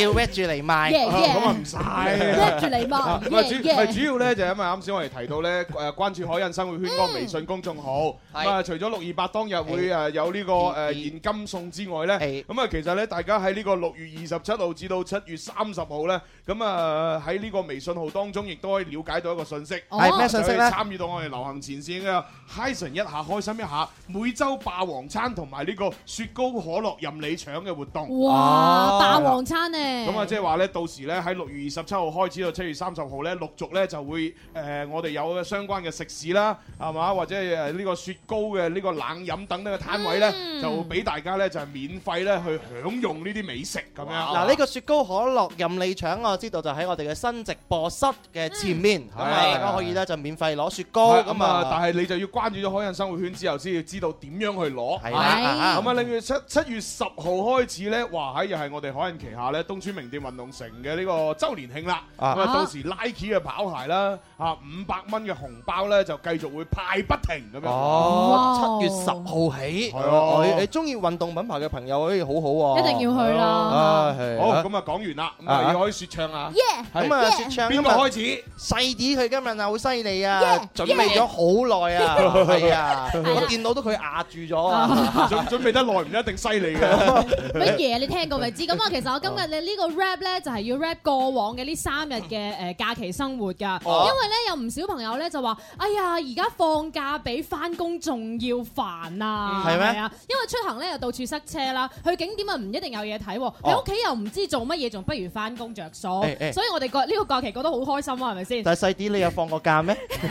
要搵住嚟賣，咁啊唔使搵住嚟賣，唔係主，唔係主要咧，就因為啱先我哋提到咧，誒關注海印生活圈嗰個微信公眾號，咁啊除咗六二八當日會誒有呢個誒現金送之外咧，咁啊其實咧大家喺呢個六月二十七號至到七月三十號咧，咁啊喺呢個微信號當中亦都可以瞭解到一個信息，係咩信息咧？參與到我哋流行前線嘅 high 潮一下，開心一下，每週霸王。餐同埋呢個雪糕可樂任你搶嘅活動，哇！霸王餐咧，咁啊，即係話咧，到時咧喺六月二十七號開始到七月三十號咧，陸續咧就會誒，我哋有相關嘅食肆啦，係嘛，或者誒呢個雪糕嘅呢個冷飲等等嘅攤位咧，就俾大家咧就係免費咧去享用呢啲美食咁樣。嗱，呢個雪糕可樂任你搶，我知道就喺我哋嘅新直播室嘅前面，係大家可以咧就免費攞雪糕。咁啊，但係你就要關注咗海印生活圈之後，先要知道點樣去攞。係啦，咁啊，六月七七月十號開始咧，哇喺又係我哋海印旗下咧東村名店運動城嘅呢個周年慶啦，咁啊到時 Nike 嘅跑鞋啦，啊五百蚊嘅紅包咧就繼續會派不停咁樣。哦，七月十號起，係啊，你中意運動品牌嘅朋友可以好好啊，一定要去啦。啊係，好，咁啊講完啦，咁啊要開始說唱啊，咁啊說唱邊個開始？細啲佢今日啊好犀利啊，準備咗好耐啊，係啊，個電腦都佢壓住咗。準準備得耐唔一定犀利嘅，乜嘢、 嗯、你聽過未知？咁啊？其實我今日你呢個 rap 咧，就係要 rap 過往嘅呢三日嘅誒假期生活噶，啊、因為咧有唔少朋友咧就話，哎呀而家放假比翻工仲要煩啊，係咩啊？因為出行咧又到處塞車啦，去景點啊唔一定有嘢睇，你屋企又唔知做乜嘢，仲不如翻工着數，啊哎哎、所以我哋過呢個假期覺得好開心啊，係咪先？但係細啲，你有放過假咩？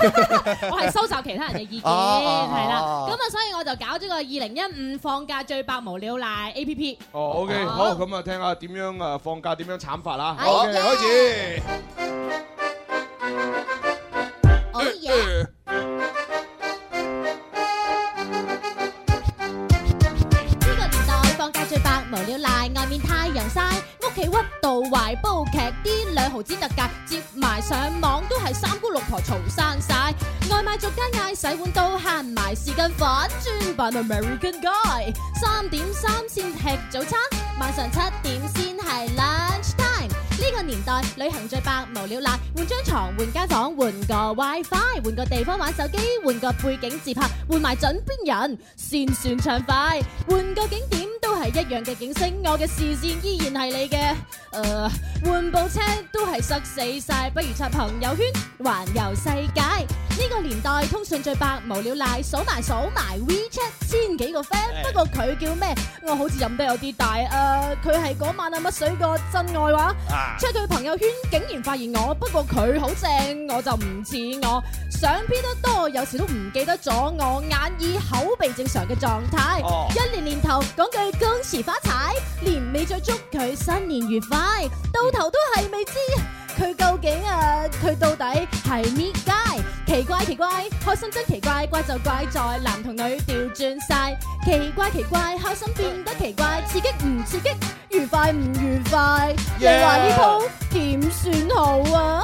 我係收集其他人嘅意見，係啦，咁啊，所以我就搞咗個二零。一五放假最百無聊賴 A P P 哦，OK 好，咁啊聽下點樣啊放假點樣慘法啦，好開始。呢個年代放假最百無聊賴，外面太陽曬，屋企屈到壞煲劇，啲兩毫子特價接埋上網都係三姑六婆嘈散晒。外賣逐間嗌，洗碗都慳埋時間，反轉扮 American guy。三點三先吃早餐，晚上七點先係 lunch time。呢個年代旅行最百無聊賴，換張床、換間房，換個 WiFi，換個地方玩手機，換個背景自拍，換埋枕邊人，算算暢快，換個景點係一樣嘅景色，我嘅視線依然係你嘅。誒，換部車都係塞死晒，不如刷朋友圈環遊世界。呢、這個年代通訊最百無聊賴，數埋數埋 WeChat 千幾個 friend。不過佢叫咩？我好似飲得有啲大。誒，佢係嗰晚阿、啊、乜水個真愛話 check 佢朋友圈竟然發現我。不過佢好正，我就唔似我。相片都多，有時都唔記得咗我。眼耳口鼻正常嘅狀態，uh. 一年年，年頭講句。恭喜發財，連未再祝佢，新年愉快，到頭都係未知，佢究竟啊，佢到底係咩街？奇怪奇怪，開心真奇怪，怪就怪在男同女調轉晒。奇怪奇怪，開心變得奇怪，刺激唔刺激，愉快唔愉快，Yeah. 你話呢套點算好啊？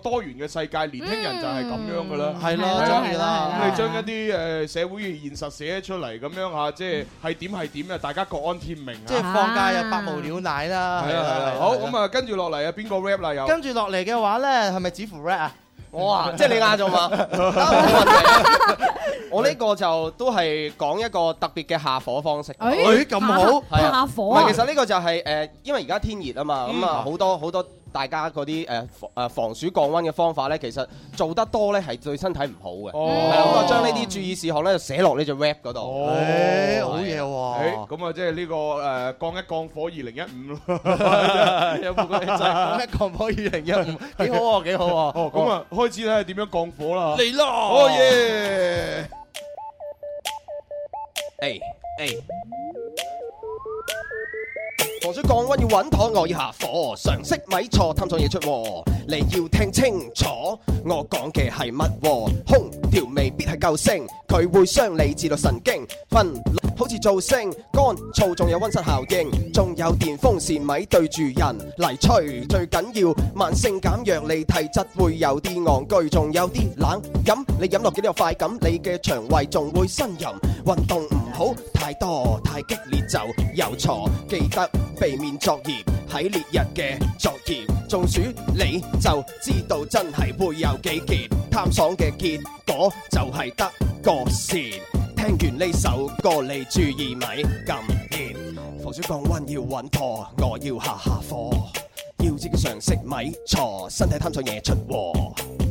多元嘅世界，年輕人就係咁樣噶啦，係咯，咁你將一啲誒社會現實寫出嚟咁樣嚇，即係點係點啊？大家各安天命啊！即係放假又百無聊賴啦。係啦係啦，好咁啊，跟住落嚟啊，邊個 rap 啦又？跟住落嚟嘅話咧，係咪子乎 rap 啊？我啊，即係你啱咗嘛？冇問題。我呢個就都係講一個特別嘅下火方式。哎，咁好，係啊，下火啊？唔係，其實呢個就係誒，因為而家天熱啊嘛，咁啊好多好多。大家嗰啲誒防防暑降温嘅方法咧，其實做得多咧係對身體唔好嘅。咁啊、哦，將呢啲注意事項咧寫落呢隻 rap 嗰度。哦，是好嘢喎！哦！咁啊、欸，即係呢個誒降一降火二零一五咯。降一降火二零 一五是，幾好啊幾好啊！好啊哦，咁啊、哦，開始睇下點樣降火啦。嚟啦、哦！哦、yeah、耶！誒誒、欸。欸防水降溫要穩妥，我要下火。常識咪錯，貪闖嘢出、哦。你要聽清楚，我講嘅係乜？哦、空調未必係救星，佢會傷你自律神經。分好似造聲，乾燥仲有溫室效應，仲有電風扇咪對住人嚟吹。最緊要慢性減藥，你體質會有啲昂居，仲有啲冷飲。你飲落幾多快感，你嘅腸胃仲會呻吟。運動唔好太多，太激烈就有錯。記得。避免作業喺烈日嘅作業，中暑你就知道真係會有幾結。貪爽嘅結果就係得個善。聽完呢首歌你注意咪咁熱，防暑降温要穩妥，我要下下課。要自己嘗試咪錯，身體貪爽嘢出禍。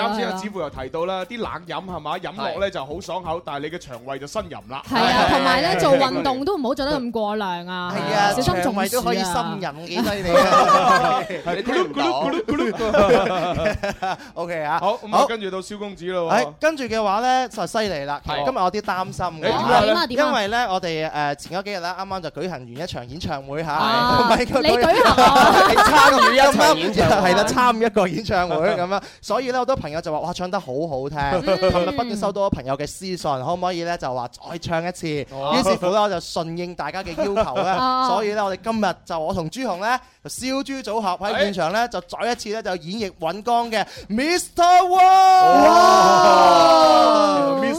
啱先阿指傅又提到咧，啲冷飲係嘛飲落咧就好爽口，但係你嘅腸胃就侵淫啦。係啊，同埋咧做運動都唔好做得咁過量啊。係啊，小心腸胃都可以侵淫，幾犀利啊！O K 啊，好，咁啊，跟住到蕭公子啦喎。誒，跟住嘅話咧就犀利啦。今日我啲擔心嘅，點啊點啊？因為咧我哋誒前嗰幾日咧啱啱就舉行完一場演唱會嚇，你舉行過，係參加咗一場演唱，係啦，參一個演唱會咁啊。所以咧好多朋而家就話哇唱得好好聽，琴日不斷收到朋友嘅私信，可唔可以咧就話再唱一次？於是乎咧我就順應大家嘅要求啦，所以咧我哋今日就我同朱紅咧燒豬組合喺現場咧就再一次咧就演繹尹光嘅 Mr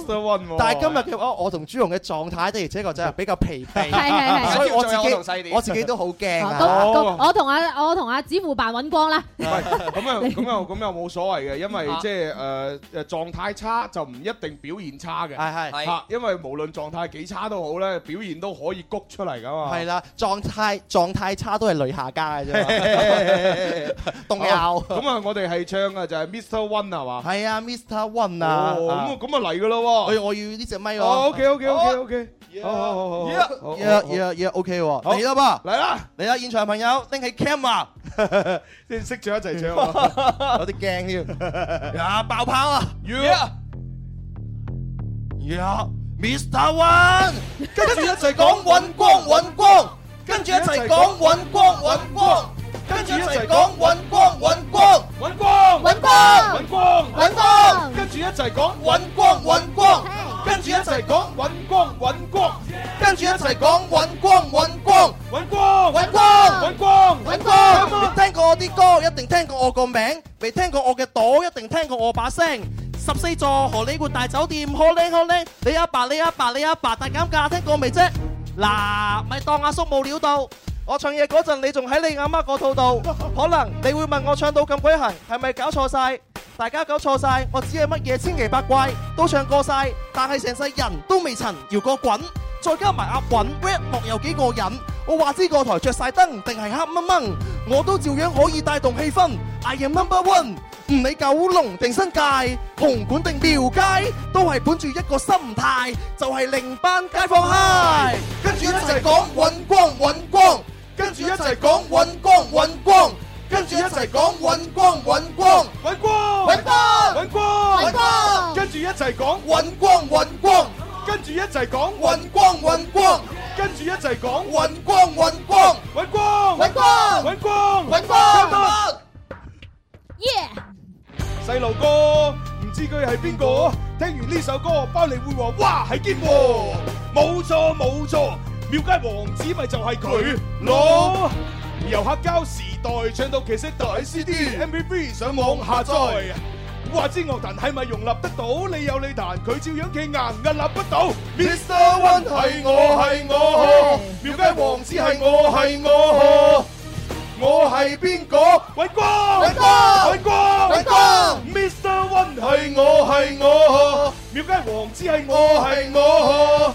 One，Mr One。但係今日嘅我同朱紅嘅狀態的而且確真係比較疲憊，係係係，所以我自己我自己都好驚。我我同阿我同阿紙糊扮尹光啦，咁又咁又咁又冇所謂嘅，因為。即係誒誒狀態差就唔一定表現差嘅，係係嚇，因為無論狀態幾差都好咧，表現都可以谷出嚟噶嘛。係啦，狀態狀態差都係雷下家嘅啫，凍牛。咁啊，我哋係唱嘅就係 Mr One 係嘛？係啊，Mr One 啊，咁咁啊嚟嘅咯喎。我要我要呢隻咪 O K O K O K O K，好好好好。O K 嚟啦噃，嚟啦嚟啦，現場朋友拎起 camera，先識咗一齊唱，有啲驚添。呀！Yeah, 爆跑啊！呀呀 Yeah.、yeah.，Mr One， 跟住一齊講揾光揾光，跟住一齊講揾光揾光。跟住一齊講揾光揾光揾光揾光揾光揾光，跟住一齊講揾光揾光，跟住一齊講揾光揾光，跟住一齊講揾光揾光揾光揾光揾光揾光，聽過我啲歌，一定聽過我個名，未聽過我嘅朵，一定聽過我把聲。十四座荷里活大酒店，好靚好靚，你阿爸你阿爸你阿爸，大減價聽過未啫？嗱，咪當阿叔冇料到。我唱嘢嗰陣，你仲喺你阿媽個套度，可能你會問我唱到咁鬼行，係咪搞錯晒？大家搞錯晒，我只係乜嘢千奇百怪都唱過晒，但係成世人都未曾搖過滾，再加埋阿滾 rap 樂有幾過癮，我話知個台着晒燈定係黑乜乜，我都照樣可以帶動氣氛。I am number one，唔理九龍定新界，紅館定廟街，都係本住一個心態，就係令班街坊 high，跟住一齊講揾光揾光。跟住一齊講揾光揾光，跟住一齊講揾光揾光，揾光揾翻，揾光揾翻。跟住一齊講揾光揾光，跟住一齊講揾光揾光，跟住一齊講揾光揾光，揾光揾光，揾光揾翻。耶！細路哥唔知佢係邊個，聽完呢首歌翻嚟會話，哇係堅喎，冇錯冇錯。廟街王子咪就係佢囉，由黑膠時代唱到奇色特喺 CD、MP3 上網下載啊！我話知樂壇係咪容納得到？你有你彈，佢照樣企硬，屹立不倒。Mr One 係我係我，廟街王子係我係我，我係邊個？尹光，尹光，尹光，尹光，Mr One 係我係我，廟街王子係我係我。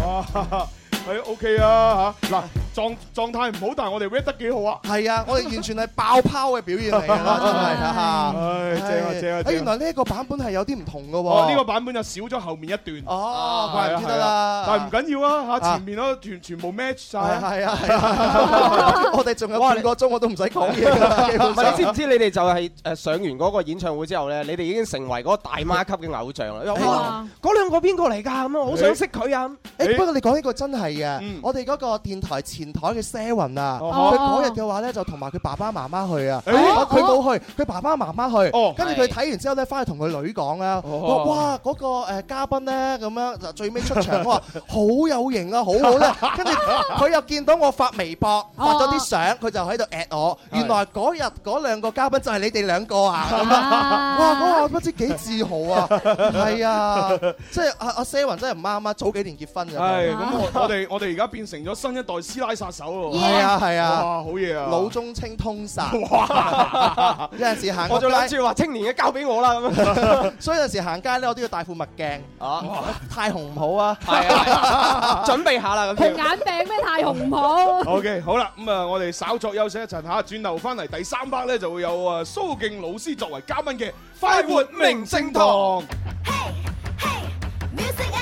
哇，係、哎、OK 啊吓，嗱。來狀狀態唔好，但係我哋 rap 得幾好啊！係啊，我哋完全係爆泡嘅表現嚟啊！真係啊！正啊正啊！原來呢一個版本係有啲唔同嘅喎。呢個版本就少咗後面一段。哦，怪唔得啦，但係唔緊要啊！嚇，前面咯，全全部 match 晒。係啊係啊！我哋仲有半個鐘我都唔使講嘢啦。唔你知唔知？你哋就係誒上完嗰個演唱會之後咧，你哋已經成為嗰個大媽級嘅偶像啦。哇！嗰兩個邊個嚟㗎？咁我好想識佢啊！誒，不過你講呢個真係啊！我哋嗰個電台前台嘅 seven 啊，佢日嘅話咧就同埋佢爸爸媽媽去啊，佢冇去，佢爸爸媽媽去，跟住佢睇完之後咧，翻去同佢女講啊，哇個誒嘉賓咧咁樣，就最尾出場，我話好有型啊，好好咧，跟住佢又見到我發微博，發咗啲相，佢就喺度 at 我，原來日兩個嘉賓就係你哋兩個啊，哇我話不知幾自豪啊，係啊，即係阿阿 seven 真係唔啱啊，早幾年結婚咋係，咁我哋我哋而家變成咗新一代師奶殺手咯，係啊係啊，哇好嘢啊！老中青通殺，哇！有陣時行，我就諗住話青年嘅交俾我啦咁樣，所以有陣時行街咧，我都要戴副墨鏡啊，太紅唔好啊，係啊，準備下啦咁。佢眼病咩？太紅唔好。O K 好啦，咁啊，我哋稍作休息一陣吓，轉頭翻嚟第三 part 咧就會有啊蘇敬老師作為嘉賓嘅快活明星堂。嘿嘿。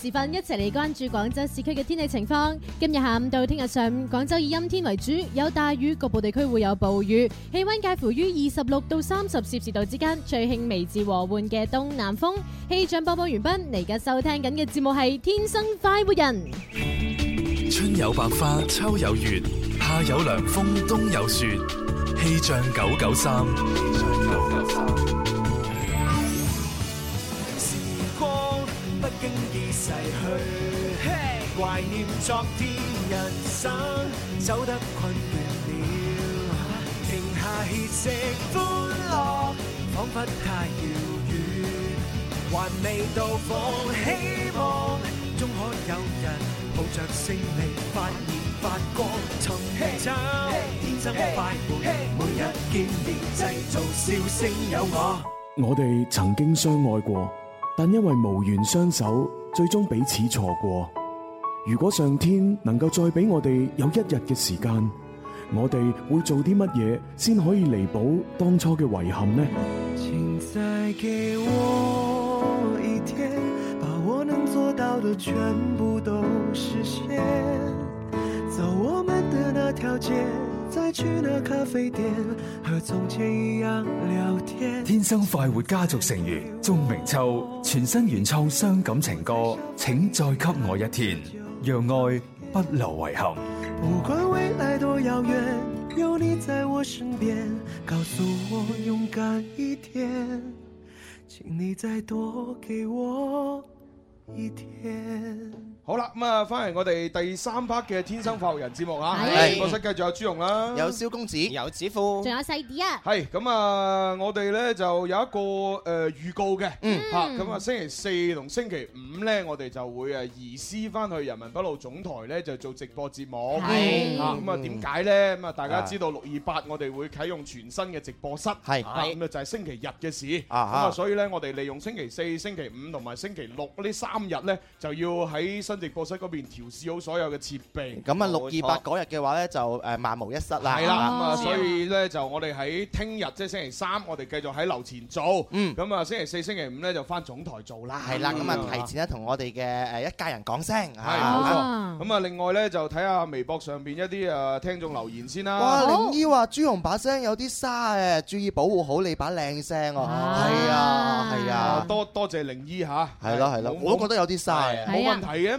時分，一齊嚟關注廣州市區嘅天氣情況。今日下午到聽日上午，廣州以陰天為主，有大雨，局部地區會有暴雨。氣温介乎於二十六到三十攝氏度之間，吹輕微至和緩嘅東南風。氣象播報完畢，你而家收聽緊嘅節目係《天生快活人》。春有百花，秋有月，夏有涼風，冬有雪。氣象九九三。氣象經已逝去，懷念昨天，人生走得困倦了，停下歇息，歡樂彷彿太遙遠，還未到訪，希望終可有人抱着勝利發熱發光。尋找天生快活，每日見面製造笑聲有我。我哋曾經相愛過。但因為無緣相守，最終彼此錯過。如果上天能夠再俾我哋有一日嘅時間，我哋會做啲乜嘢先可以彌補當初嘅遺憾呢？請再給我一天，把我能做到的全部都實現，走我們的那條街。再去那咖啡店，和從前一樣聊天。天生快活家族成員鍾明秋全新原創傷感情歌，請再給我一天，一天，讓愛不留遺憾。不管未來多遙遠，有你在我身邊，告訴我勇敢一點，請你再多給我一天。好啦，咁啊，翻嚟我哋第三 part 嘅天生快活人節目啊，係，我再繼續有朱融啦，有蕭公子，有子富，仲有細啲啊，係，咁啊，我哋咧就有一個誒預告嘅，嗯，嚇，咁啊，星期四同星期五咧，我哋就會誒移師翻去人民北路總台咧，就做直播節目，係，咁啊點解咧？咁啊大家知道六二八我哋會啟用全新嘅直播室，係，係，咁啊就係星期日嘅事，啊，咁啊所以咧我哋利用星期四、星期五同埋星期六呢三日咧，就要喺新。直播室嗰邊調試好所有嘅設備。咁啊六二八嗰日嘅話咧就誒萬無一失啦。係啦，咁啊所以咧就我哋喺聽日即係星期三，我哋繼續喺樓前做。嗯。咁啊星期四、星期五咧就返總台做啦。係啦，咁啊提前咧同我哋嘅誒一家人講聲。係。冇錯。咁啊另外咧就睇下微博上邊一啲誒聽眾留言先啦。哇！玲姨話朱紅把聲有啲沙誒，注意保護好你把靚聲啊。係啊係啊，多多謝玲姨嚇。係咯係咯，我都覺得有啲沙誒，冇問題嘅。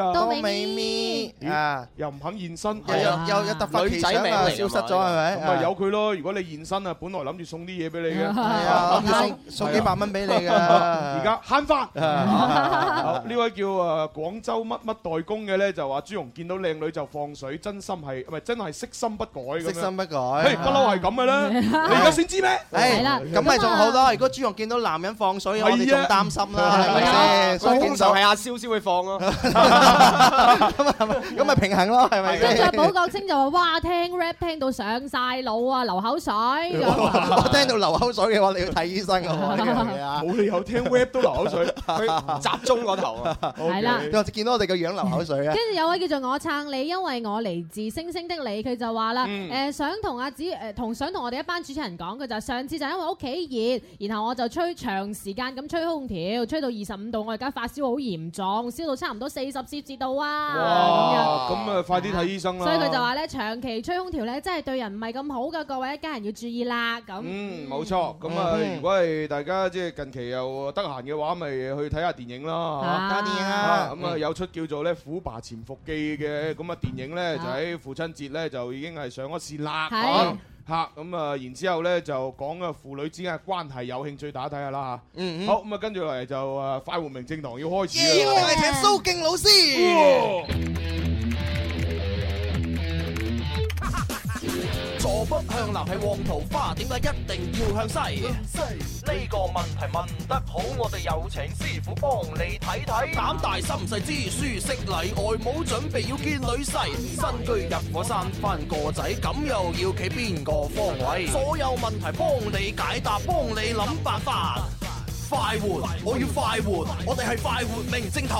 都未咪啊！又唔肯現身，又有有有突發奇想啊，消失咗係咪？咁咪由佢咯。如果你現身啊，本來諗住送啲嘢俾你嘅，諗住送送幾百蚊俾你嘅，而家慳翻。好，呢位叫誒廣州乜乜代工嘅咧，就話朱紅見到靚女就放水，真心係唔係真係色心不改咁樣？色心不改，不嬲係咁嘅啦。你而家先知咩？係啦，咁咪仲好咯。如果朱紅見到男人放水，我哋仲擔心啦，係咪先？所以就係阿蕭先會放咯。咁啊，咁咪 平衡咯，係咪？跟住寶國清就話，哇，聽 rap 聽到上晒腦啊，流口水。 我聽到流口水嘅話，你要睇醫生噶冇 理由聽 rap 都流口水，集 中個頭啊。係啦 Okay，又見到我哋個樣流口水啊。跟住、嗯、有位叫做我撐你，因為我嚟自星星的你，佢就話啦，誒、嗯呃，想同阿子，誒、呃，同想同我哋一班主持人講、就是，佢就上次就因為屋企熱，然後我就吹長時間咁吹空調，吹到二十五度，我而家發燒好嚴重，燒到差唔多四十接到啊，咁樣咁啊，快啲睇醫生啦！所以佢就話咧，長期吹空調咧，真係對人唔係咁好㗎，各位一家人要注意啦！咁，冇錯，咁啊，如果係大家即係近期又得閒嘅話，咪去睇下電影啦嚇！啊，咁啊有出叫做咧《虎爸潛伏記》嘅咁啊電影咧，就喺父親節咧就已經係上咗線啦！係。嚇，咁啊，然之後咧就講啊父女之間嘅關係，有興趣打睇下啦吓，嗯嗯。嗯好，咁啊跟住落嚟就啊快活明正堂要開始，我哋請蘇敬老師。Yeah. 我北向南係旺桃花，點解一定要向西？呢西個問題問得好，我哋有請師傅幫你睇睇。膽大心細知書識禮，外母準備要見女婿，新西居入伙生翻個仔，咁又要企邊個方位？西所有問題幫你解答，幫你諗辦法，西快活！西我要快活，西我哋係快活明正堂。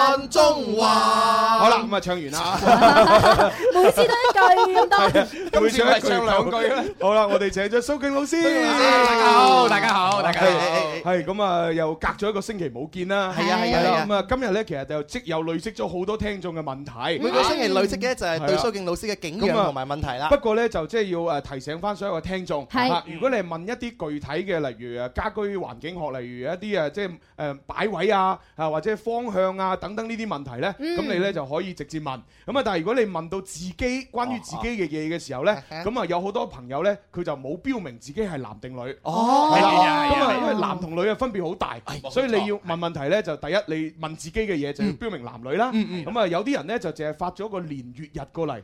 溫中話好啦，咁啊唱完啦，每次都一句多，每次咧唱兩句。好啦，我哋請咗蘇敬老師，大家好，大家好，大家好，係咁啊，又隔咗一個星期冇見啦，係啊，係啊。咁啊，今日咧其實就即又累積咗好多聽眾嘅問題，每個星期累積嘅就係對蘇敬老師嘅景仰同埋問題啦。不過咧就即係要誒提醒翻所有嘅聽眾，如果你係問一啲具體嘅，例如誒家居環境學，例如一啲誒即係誒擺位啊，啊或者方向啊等等。呢啲問題咧，咁你咧就可以直接問。咁啊，但係如果你問到自己關於自己嘅嘢嘅時候咧，咁啊有好多朋友咧，佢就冇標明自己係男定女。哦，係啊，因為男同女啊分別好大，所以你要問問題咧，就第一你問自己嘅嘢就要標明男女啦。嗯嗯。咁啊有啲人咧就淨係發咗個年月日過嚟，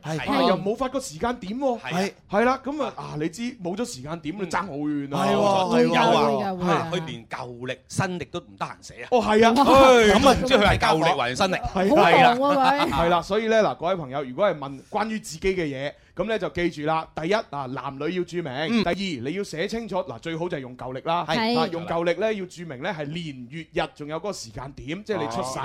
又冇發個時間點喎。係係啦，咁啊啊你知冇咗時間點，爭好遠啊。係喎，係喎。係啊，佢連舊曆新曆都唔得閒寫啊。哦，係啊，咁啊，即係佢係舊曆為。生力係啦，係啦，所以呢，嗱，各位朋友，如果係問關於自己嘅嘢。咁咧就記住啦，第一啊，男女要註明；第二，你要寫清楚，嗱最好就係用舊歷啦，係啊，用舊歷咧要註明咧係年月日，仲有嗰個時間點，即係你出世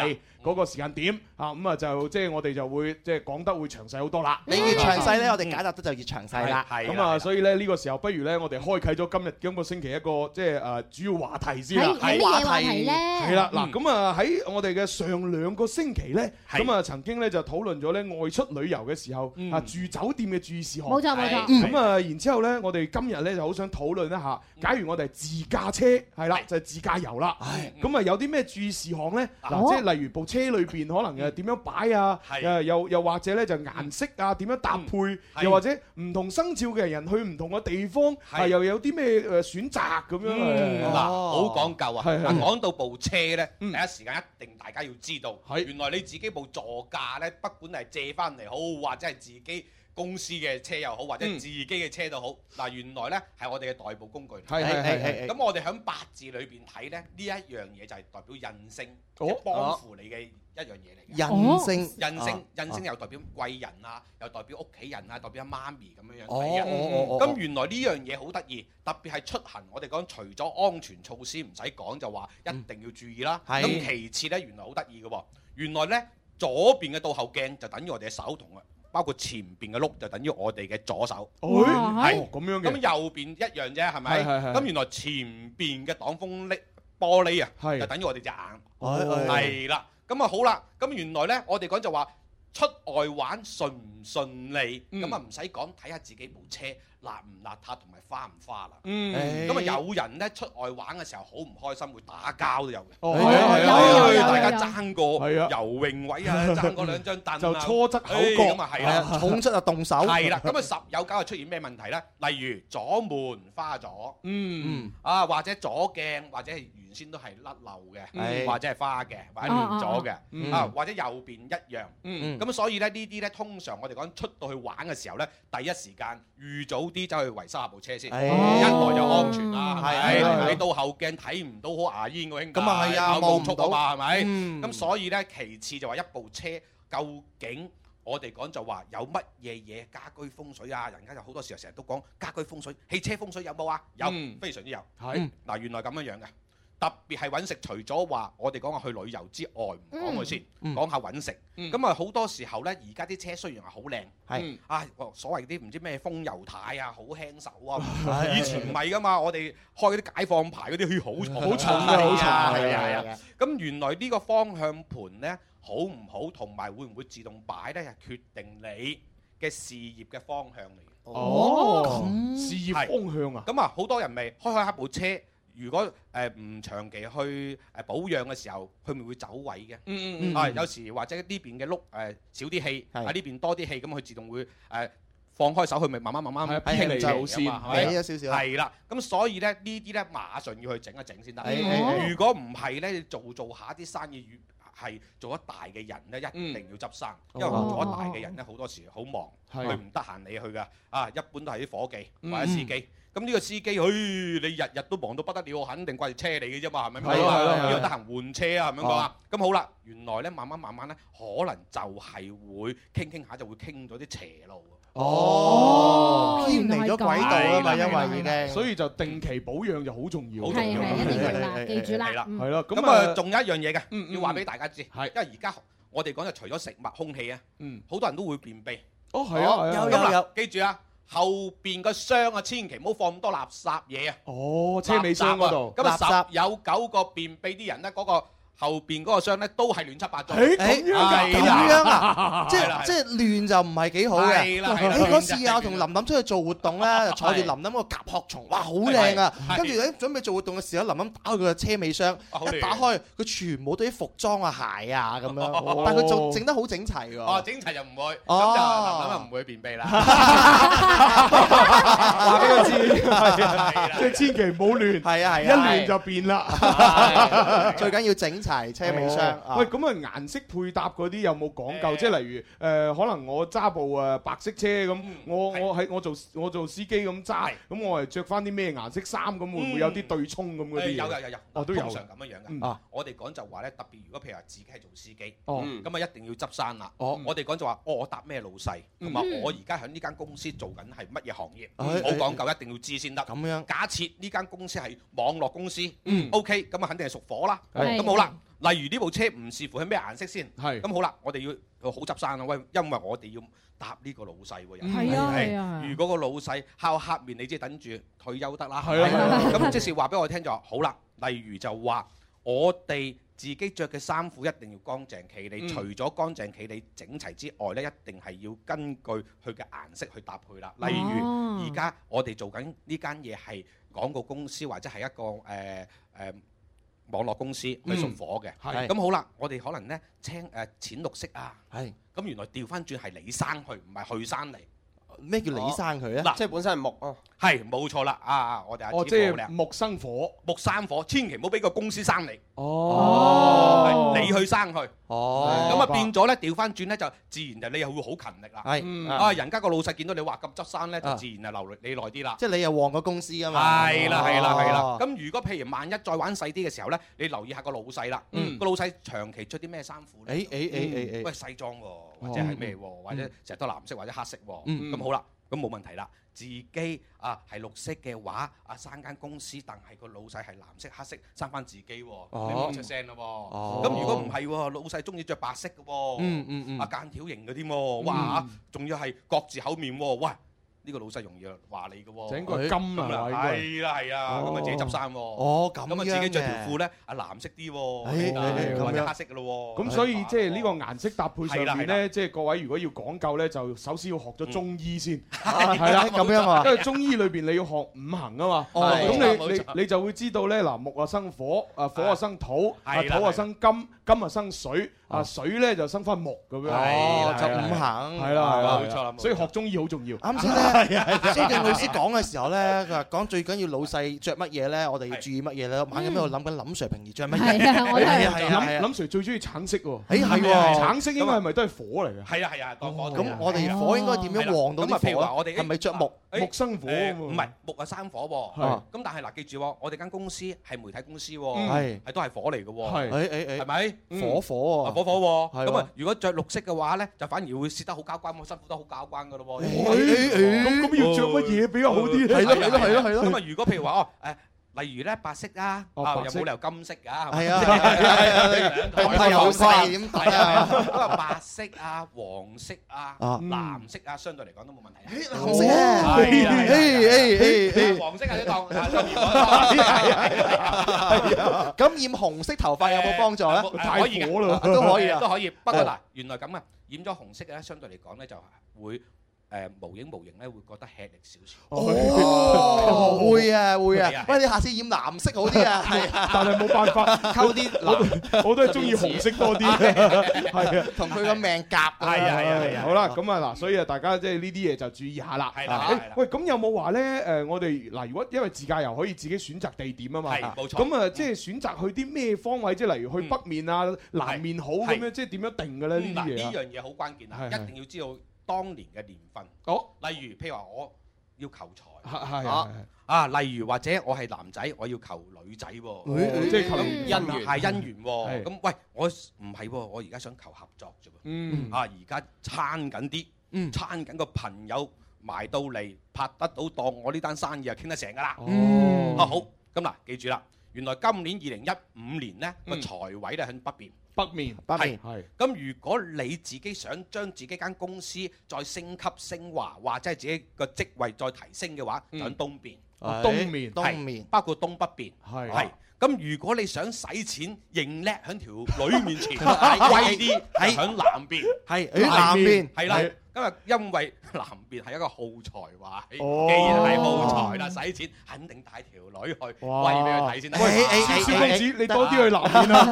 嗰個時間點啊，咁啊就即係我哋就會即係講得會詳細好多啦。你越詳細咧，我哋解答得就越詳細啦。係，咁啊，所以咧呢個時候不如咧，我哋開啟咗今日今個星期一個即係誒主要話題先啦。係咩話題咧？係啦，嗱咁啊喺我哋嘅上兩個星期咧，咁啊曾經咧就討論咗咧外出旅遊嘅時候啊住酒店嘅。注意事項，冇錯冇錯，咁啊，然之後呢，我哋今日呢就好想討論一下。假如我哋係自駕車，係啦，就係自駕遊啦。咁啊，有啲咩注意事項呢？嗱，即係例如部車裏邊可能嘅點樣擺啊，又或者呢就顏色啊點樣搭配，又或者唔同生肖嘅人去唔同嘅地方，係又有啲咩誒選擇咁樣？嗱，好講究啊！講到部車呢，第一時間一定大家要知道，原來你自己部座駕呢，不管係借翻嚟好，或者係自己。公司嘅車又好，或者自己嘅車都好，嗱，原來咧係我哋嘅代步工具。係係係係。咁我哋喺八字裏邊睇咧，呢一樣嘢就係代表印星，即係幫扶你嘅一樣嘢嚟。印星，印星，印星又代表貴人啊，又代表屋企人啊，代表阿媽咪咁樣樣嘅。咁原來呢樣嘢好得意，特別係出行，我哋講除咗安全措施唔使講，就話一定要注意啦。咁其次咧，原來好得意嘅喎，原來咧，左邊嘅倒後鏡就等於我哋嘅手銬啊。包括前邊嘅碌就等於我哋嘅左手，係咁、哦是哦、樣嘅。咁右邊一樣啫，係咪？咁是原來前邊嘅擋風玻璃啊，是就等於我哋隻眼，係啦。咁啊好啦，咁原來咧，我哋講就話出外玩順唔順利，咁啊唔使講，睇下自己部車。邋唔邋遢同埋花唔花啦。嗯。咁啊有人咧，出外玩嘅時候好唔開心，會打交都有嘅。係啊！大家爭過，係啊！游泳位啊，爭過兩張凳，就初則口角咁啊係啊，重則就動手。係啦。咁啊十有九啊出現咩問題咧？例如左門花咗，嗯啊或者左鏡或者係原先都係甩漏嘅，或者係花嘅，或者亂咗嘅，啊或者右邊一樣，嗯咁所以咧呢啲咧通常我哋講出到去玩嘅時候咧，第一時間預早。啲走去維修下部車先，一、哎、呀來就安全啦，你到後鏡睇唔到好牙煙嘅，應，跑高速度嘛，係咪、嗯？咁、啊、所以呢，其次就話一部車究竟我哋講就話有乜嘢家居風水啊？人家就好多時候成日都講家居風水，汽車風水有冇啊？有，嗯、非常之有。係嗱、啊，嗯、原來咁樣樣嘅。特別係揾食，除咗話我哋講話去旅遊之外，唔講佢先，講下揾食。咁啊好多時候呢，而家啲車雖然係好靚，係啊，所謂啲唔知咩風油太啊，好輕手啊。以前唔係㗎嘛，我哋開啲解放牌嗰啲，好重好重啊，係啊係啊。咁原來呢個方向盤呢，好唔好同埋會唔會自動擺呢？係決定你嘅事業嘅方向嚟。哦，事業方向啊。咁啊，好多人未開開下部車。如果誒唔長期去誒保養嘅時候，佢咪會走位嘅。嗯嗯嗯。啊，有時或者呢邊嘅碌誒少啲氣，喺呢邊多啲氣，咁佢自動會誒放開手，佢咪慢慢慢慢。係偏離就先。係啊，少少。係啦，咁所以咧呢啲咧馬上要去整一整先得。係係係。如果唔係咧，做做下啲生意越係做得大嘅人咧，一定要執生，因為做得大嘅人咧好多時好忙，佢唔得閒你去㗎。啊，一般都係啲伙計或者司機。咁呢個司機，嘿！你日日都忙到不得了，肯定掛住車嚟嘅啫嘛，係咪？因為得閒換車啊，咁樣講啊。咁好啦，原來咧，慢慢慢慢咧，可能就係會傾傾下就會傾咗啲斜路。哦，偏離咗軌道啊嘛，因為咧，所以就定期保養就好重要。係係，一定記得，記住啦。係啦，係咯。咁啊，仲有一樣嘢嘅，嗯，要話俾大家知。係，因為而家我哋講就除咗食物、空氣啊，嗯，好多人都會便秘。哦，係啊，有有有，記住啊！後面個箱啊，千祈唔好放咁多垃圾嘢啊！哦，車尾箱嗰度，咁啊垃圾、嗯、十有九個便秘啲人咧嗰、嗰個。後邊嗰個箱咧都係亂七八糟。誒，咁樣啊？咁樣啊？即係即係亂就唔係幾好嘅。你嗰次啊，同林林出去做活動咧，就坐住林林嗰個甲殼蟲，哇，好靚啊！跟住喺準備做活動嘅時候，林林打開佢嘅車尾箱，一打開佢全部都啲服裝啊、鞋啊咁樣。但係佢做整得好整齊嘅。哦，整齊就唔會，咁就林林就唔會便秘啦。呢個知，即係千祈唔好亂。係啊係啊，一亂就變啦。最緊要整齊。係車尾箱。喂，咁啊顏色配搭嗰啲有冇講究？即係例如誒，可能我揸部誒白色車咁，我我喺我做我做司機咁揸，咁我係着翻啲咩顏色衫咁，會唔會有啲對沖咁嗰啲？有有有有，我都有。通常咁樣樣嘅。啊，我哋講就話咧，特別如果譬如話自己係做司機，哦，咁啊一定要執生啦。哦，我哋講就話，我搭咩老細，同埋我而家喺呢間公司做緊係乜嘢行業，好講究，一定要知先得。咁樣。假設呢間公司係網絡公司，OK 咁啊肯定係屬火啦。係。咁好啦。例如呢部車唔視乎係咩顏色先，係咁是、嗯、好啦，我哋要、哦、好執生啦，喂，因為我哋要搭呢個老細喎，係啊，係啊。是啊啊如果個老細孝客面，你即係等住退休得啦，係啦。咁即時話俾我聽就好啦，例如就話我哋自己着嘅衫褲一定要乾淨企理，除咗乾淨企理整齊之外咧，一定係要根據佢嘅顏色去搭配啦。例如而、啊、家我哋做緊呢間嘢係廣告公司或者係一個誒誒。呃呃呃呃網絡公司佢仲、嗯、火嘅，咁是好啦，我哋可能咧青誒淺、呃、綠色啊，咁是原來調返轉係你生去，唔係佢生嚟。咩叫你生佢啊？嗱，即係本身係木哦，係冇錯啦啊！我哋啊，即係木生火，木生火，千祈唔好俾個公司生你哦。你去生佢哦，咁啊變咗咧，調翻轉咧就自然就你又會好勤力啦。係啊，人家個老細見到你話咁執生咧，就自然就留你耐啲啦。即係你又旺個公司啊嘛。係啦係啦係啦。咁如果譬如萬一再玩細啲嘅時候咧，你留意下個老細啦，個老細長期出啲咩衫褲咧？誒誒誒誒誒，喂，西裝喎。或者係咩喎？嗯、或者成日都藍色或者黑色喎？咁、嗯、好啦，咁冇問題啦。自己啊係綠色嘅話，啊生間公司，但係個老細係藍色黑色，生翻自己喎。啊哦、你唔好出聲啦喎。咁、哦、如果唔係喎，老細中意着白色嘅喎、嗯。嗯嗯嗯。啊間條型嗰啲喎，哇仲、嗯、要係各自口面喎、啊，哇！呢個老細容易話你嘅喎，整個金啊，係啦係啊，咁啊自己執衫，哦咁嘅，咁啊自己着條褲咧，啊藍色啲喎，或者黑色咯喎，咁所以即係呢個顏色搭配上面咧，即係各位如果要講究咧，就首先要學咗中醫先，係啦，咁樣啊，因為中醫裏邊你要學五行啊嘛，咁你你你就會知道咧，嗱木啊生火，啊火啊生土，啊土啊生金，金啊生水。啊水咧就生翻木咁樣，哦就五行係啦，冇錯。所以學中醫好重要。啱先咧，先正老師講嘅時候咧，佢話講最緊要老細着乜嘢咧，我哋要注意乜嘢咧。猛咁喺度諗緊林 Sir 平時着乜嘢？係啊，我係啊，係啊，係啊。林 Sir 最中意橙色喎。誒係喎，橙色應該係咪都係火嚟嘅？係啊係啊，當火。咁我哋火應該點樣旺到譬如？係咪着木？木生火。唔係木啊生火噃。係。咁但係嗱，記住我哋間公司係媒體公司，係係都係火嚟嘅。係。係係係。係咪火火啊？火火、啊啊、如果著綠色嘅話呢，就反而會涉得好交關，咁辛苦得好交關噶咯喎。咁要著乜嘢比較好啲？係咯係咯，係咯係咯。咁如果譬如話哦 例如咧白色啊，有冇留金色㗎，係啊，係啊，太好啦，點睇啊？咁啊，白色啊、黃色啊、藍色啊，相對嚟講都冇問題。藍色啊，係啊，誒誒誒，黃色係啲當啊，就如果啊，咁染紅色頭髮有冇幫助咧？可以，都可以，都可以。不過嗱，原來咁啊，染咗紅色咧，相對嚟講咧就會。誒無影無形咧，會覺得吃力少少。哦，會啊，會啊。喂，你下次染藍色好啲啊，係啊，但係冇辦法，溝啲。我我都係中意紅色多啲。係啊，同佢個命夾。係啊，係啊，係啊。好啦，咁啊嗱，所以啊，大家即係呢啲嘢就注意下啦。係啦，喂，咁有冇話咧？誒，我哋嗱，如果因為自駕遊可以自己選擇地點啊嘛。係，冇錯。咁啊，即係選擇去啲咩方位，即係例如去北面啊、南面好咁樣，即係點樣定嘅咧？呢啲嘢。呢樣嘢好關鍵啊！一定要知道。當年嘅年份，oh、例如譬如話我要求財嚇啊、oh, 啊，例如或者我係男仔，我要求女仔喎，即係、哦、求姻緣係姻緣咁，喂，我唔係喎，我而家想求合作啫喎。嗯啊，而家撐緊啲，撐緊個朋友埋到嚟拍得到檔，當我呢單生意、oh 哦、啊傾得成㗎啦。哦，好咁嗱、嗯，記住啦。原來今年二零一五年呢，個財位咧喺北邊，北面，北邊，係。咁如果你自己想將自己間公司再升級升華，或者係自己個職位再提升嘅話，喺東邊，東面，東面，包括東北邊，係。咁如果你想使錢認叻喺條女面前威啲，係，喺南邊，係，喺南邊，係啦。今日因為南面係一個好財位，既然係好財啦，使錢肯定帶條女去，喂你去睇先。孫公子，你多啲去南面啦，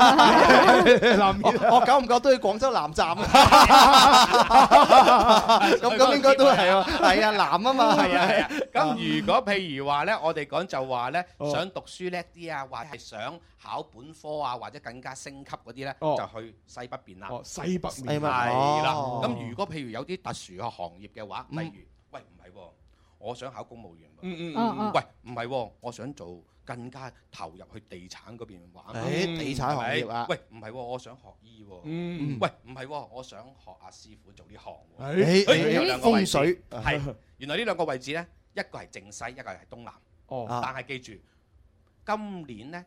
南面。我九唔九都去廣州南站啊？咁咁應該都係啊，係啊，南啊嘛。係啊係啊。咁如果譬如話咧，我哋講就話咧，想讀書叻啲啊，或係想考本科啊，或者更加升級嗰啲咧，就去西北面啦。西北面係咪係啦。咁如果譬如有啲樹嘅行業嘅話，例如喂唔係，我想考公務員。嗯嗯嗯，喂唔係，我想做更加投入去地產嗰邊玩。誒，地產行業啊，喂唔係，我想學醫。嗯嗯，喂唔係，我想學阿師傅做呢行。誒，有兩個位置，風水係，原來呢兩個位置咧，一個係正西，一個係東南。哦，但係記住今年咧。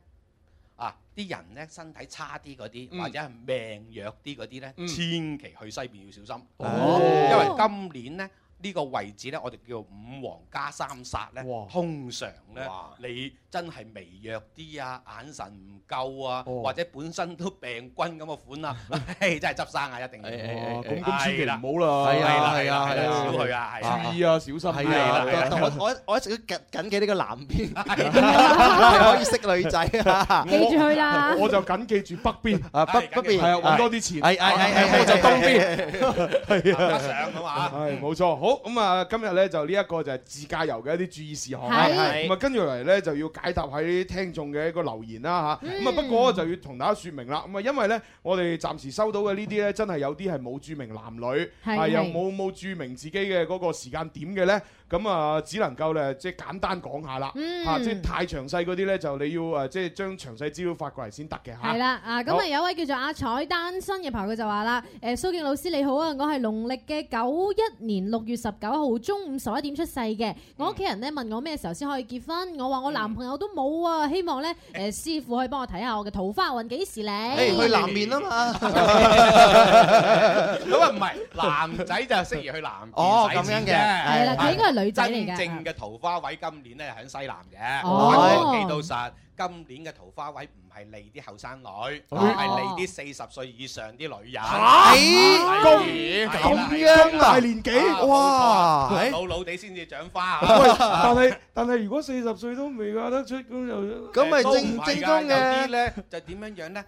啊！啲人呢，身體差啲嗰啲，嗯、或者係命弱啲嗰啲呢，嗯、千祈去西邊要小心，哦哦，因為今年呢。呢個位置咧，我哋叫五黃加三煞咧，通常咧，你真係微弱啲啊，眼神唔夠啊，或者本身都病菌咁嘅款啊，嘿，真係執生啊，一定要。咁咁千祈唔好啦，係啦係啊，少去啊，注意啊，小心啲。我我我一直都緊記呢個南邊，可以識女仔啊。記住佢啦。我就緊記住北邊啊，北北邊係啊，揾多啲錢。係係係，我就東邊係啊，搭得上啊嘛。係冇錯，好。咁啊、嗯，今日咧就呢一個就係自駕遊嘅一啲注意事項，係是，咁啊、嗯、跟住嚟咧就要解答喺啲聽眾嘅一個留言啦、啊、吓，咁啊、嗯、不過就要同大家說明啦，咁啊因為咧我哋暫時收到嘅呢啲咧真係有啲係冇注明男女，係是、啊、又冇冇注明自己嘅嗰個時間點嘅咧。咁啊，嗯、只能夠咧，即係簡單講下啦。啊，即係太詳細嗰啲咧，就你要誒、啊，即係將詳細資料發過嚟先得嘅嚇。係啦。啊，咁啊，有位叫做阿彩單身嘅朋友就話啦：誒、呃，蘇敬老師你好啊，我係農曆嘅九一年六月十九號中午十一點出世嘅。我屋企人咧問我咩時候先可以結婚，我話我男朋友都冇啊，希望咧誒、呃、師傅可以幫我睇下我嘅桃花運幾時嚟？誒、欸，去南面啊嘛。咁啊，唔係男仔就適宜去南。哦，咁樣嘅。係啦，佢應該真正嘅桃花位今年咧喺西南嘅，我記到實。今年嘅桃花位唔係利啲後生女，係利啲四十歲以上啲女人，咁樣大年紀，哇，老老地先至長花。但係但係，如果四十歲都未嫁得出，咁又咁咪正唔正宗嘅咧？就點樣樣咧？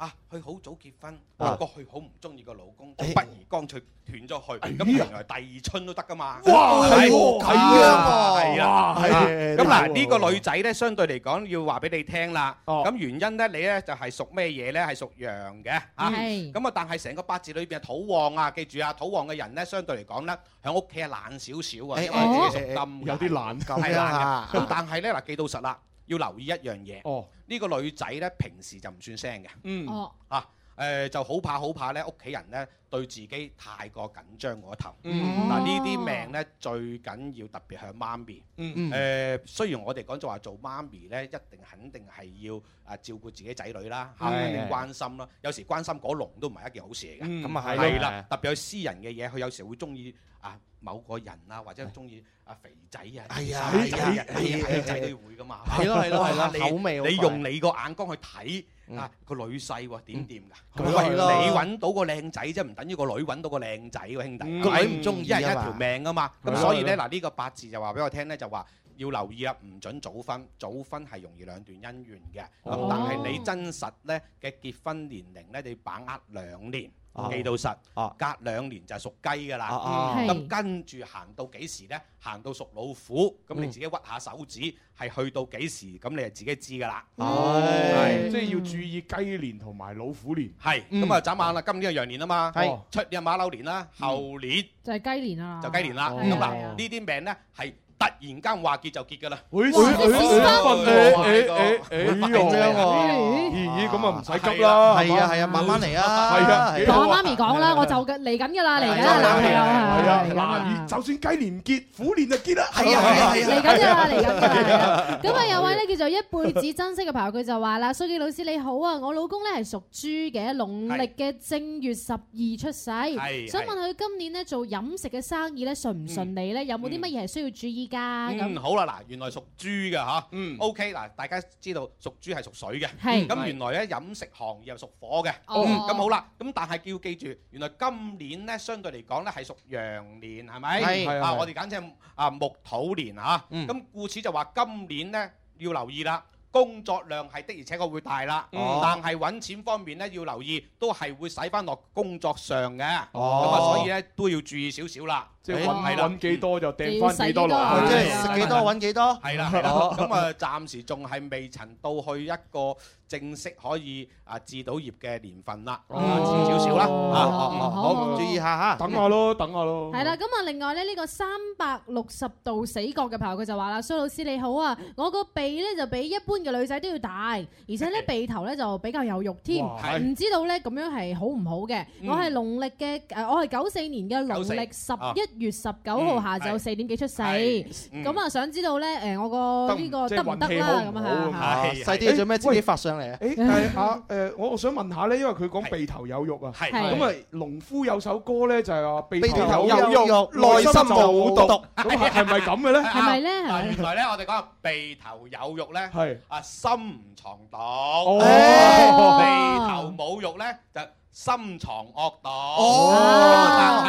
啊！佢好早結婚，不過佢好唔中意個老公，不如乾脆斷咗佢。咁原來第二春都得噶嘛？哇！係啊！係啊！咁嗱，呢個女仔咧，相對嚟講要話俾你聽啦。咁原因咧，你咧就係屬咩嘢咧？係屬羊嘅嚇。係。咁啊，但係成個八字裏邊係土旺啊！記住啊，土旺嘅人咧，相對嚟講咧，喺屋企係懶少少啊。哦。因為自己屬金，有啲懶。係啊。咁但係咧嗱，記到實啦。要留意一樣嘢，呢、哦、個女仔咧，平時就唔算聲嘅，嚇，誒就好怕好怕咧屋企人咧。對自己太過緊張嗰頭，嗱呢啲命咧最緊要特別向媽咪。誒，雖然我哋講就話做媽咪咧，一定肯定係要啊照顧自己仔女啦，嚇，肯定關心啦。有時關心過籠都唔係一件好事嚟嘅。咁啊係啦，特別有私人嘅嘢，佢有時會中意啊某個人啊，或者中意啊肥仔啊，係啊，肥仔都會㗎嘛。係咯係咯係啦，你你用你個眼光去睇啊個女婿喎點點㗎？係咯，你揾到個靚仔啫，唔得。等呢個女揾到個靚仔喎，兄弟，個、嗯、女唔鍾意啊，嗯、一條命啊嘛，咁吧所以呢嗱，呢吧個八字就話畀我聽呢，就話要留意啊，唔準早婚，早婚係容易兩段姻緣嘅，咁、哦、但係你真實呢嘅結婚年齡呢，你要把握兩年。記到實，隔兩年就係屬雞噶啦。咁、嗯嗯、跟住行到幾時咧？行到屬老虎，咁你自己屈下手指，係去到幾時，咁你就自己知噶啦。係，即係要注意雞年同埋老虎年。係，咁啊，眨眼啦，今年係羊年啊嘛。係、哦，出年馬騮年啦，後年就係雞年啦、嗯。就雞、是、年啦。咁嗱，哦、呢啲命咧係。突然間話結就結㗎啦，會會會會會會會咩樣啊？咦咦咁啊唔使急啦，係啊係啊，慢慢嚟啊，係啊，同我媽咪講啦，我就緊嚟緊㗎啦，嚟緊啦，嗱係啊係啊，就算雞年唔結，虎年就結啦，係啊係啊嚟緊㗎啦嚟緊㗎啦，咁啊有位咧叫做一輩子珍惜嘅朋友，佢就話啦：蘇老師你好啊，我老公咧係屬豬嘅，農曆嘅正月十二出世，想問佢今年咧做飲食嘅生意咧順唔順利咧？有冇啲乜嘢係需要注意？嗯，好啦，嗱，原來屬豬嘅嚇，嗯，OK，嗱，大家知道屬豬係屬水嘅，係，咁原來咧飲食行業係屬火嘅，哦，咁好啦，咁但係要記住，原來今年咧相對嚟講咧係屬羊年，係咪？係，啊，我哋簡稱啊木土年嚇，咁故此就話今年咧要留意啦，工作量係的而且確會大啦，嗯，但係揾錢方面咧要留意，都係會使返落工作上嘅，哦，咁啊，所以咧都要注意少少啦。即係揾揾幾多就掟翻幾多落去，即係食幾多揾幾多。係啦係啦，咁啊暫時仲係未曾到去一個正式可以啊置到業嘅年份啦，少少啦嚇，好注意下嚇。等我咯，等我咯。係啦，咁啊另外咧呢個三百六十度死角嘅朋友佢就話啦：，蘇老師你好啊，我個鼻咧就比一般嘅女仔都要大，而且咧鼻頭咧就比較有肉添，唔知道咧咁樣係好唔好嘅？我係農曆嘅誒，我係九四年嘅農曆十一。一月十九號下晝四點幾出世，咁啊想知道咧，誒，我個呢個得唔得啦？咁啊，細啲做咩？自己發上嚟啊？誒，吓，誒，我想問下咧，因為佢講鼻頭有肉啊，咁啊，農夫有首歌咧，就係話鼻頭有肉，內心冇毒，係咪咁嘅咧？係咪咧？嗱，原來咧，我哋講鼻頭有肉咧，啊，心唔藏毒，鼻頭冇肉咧就深藏惡黨哦，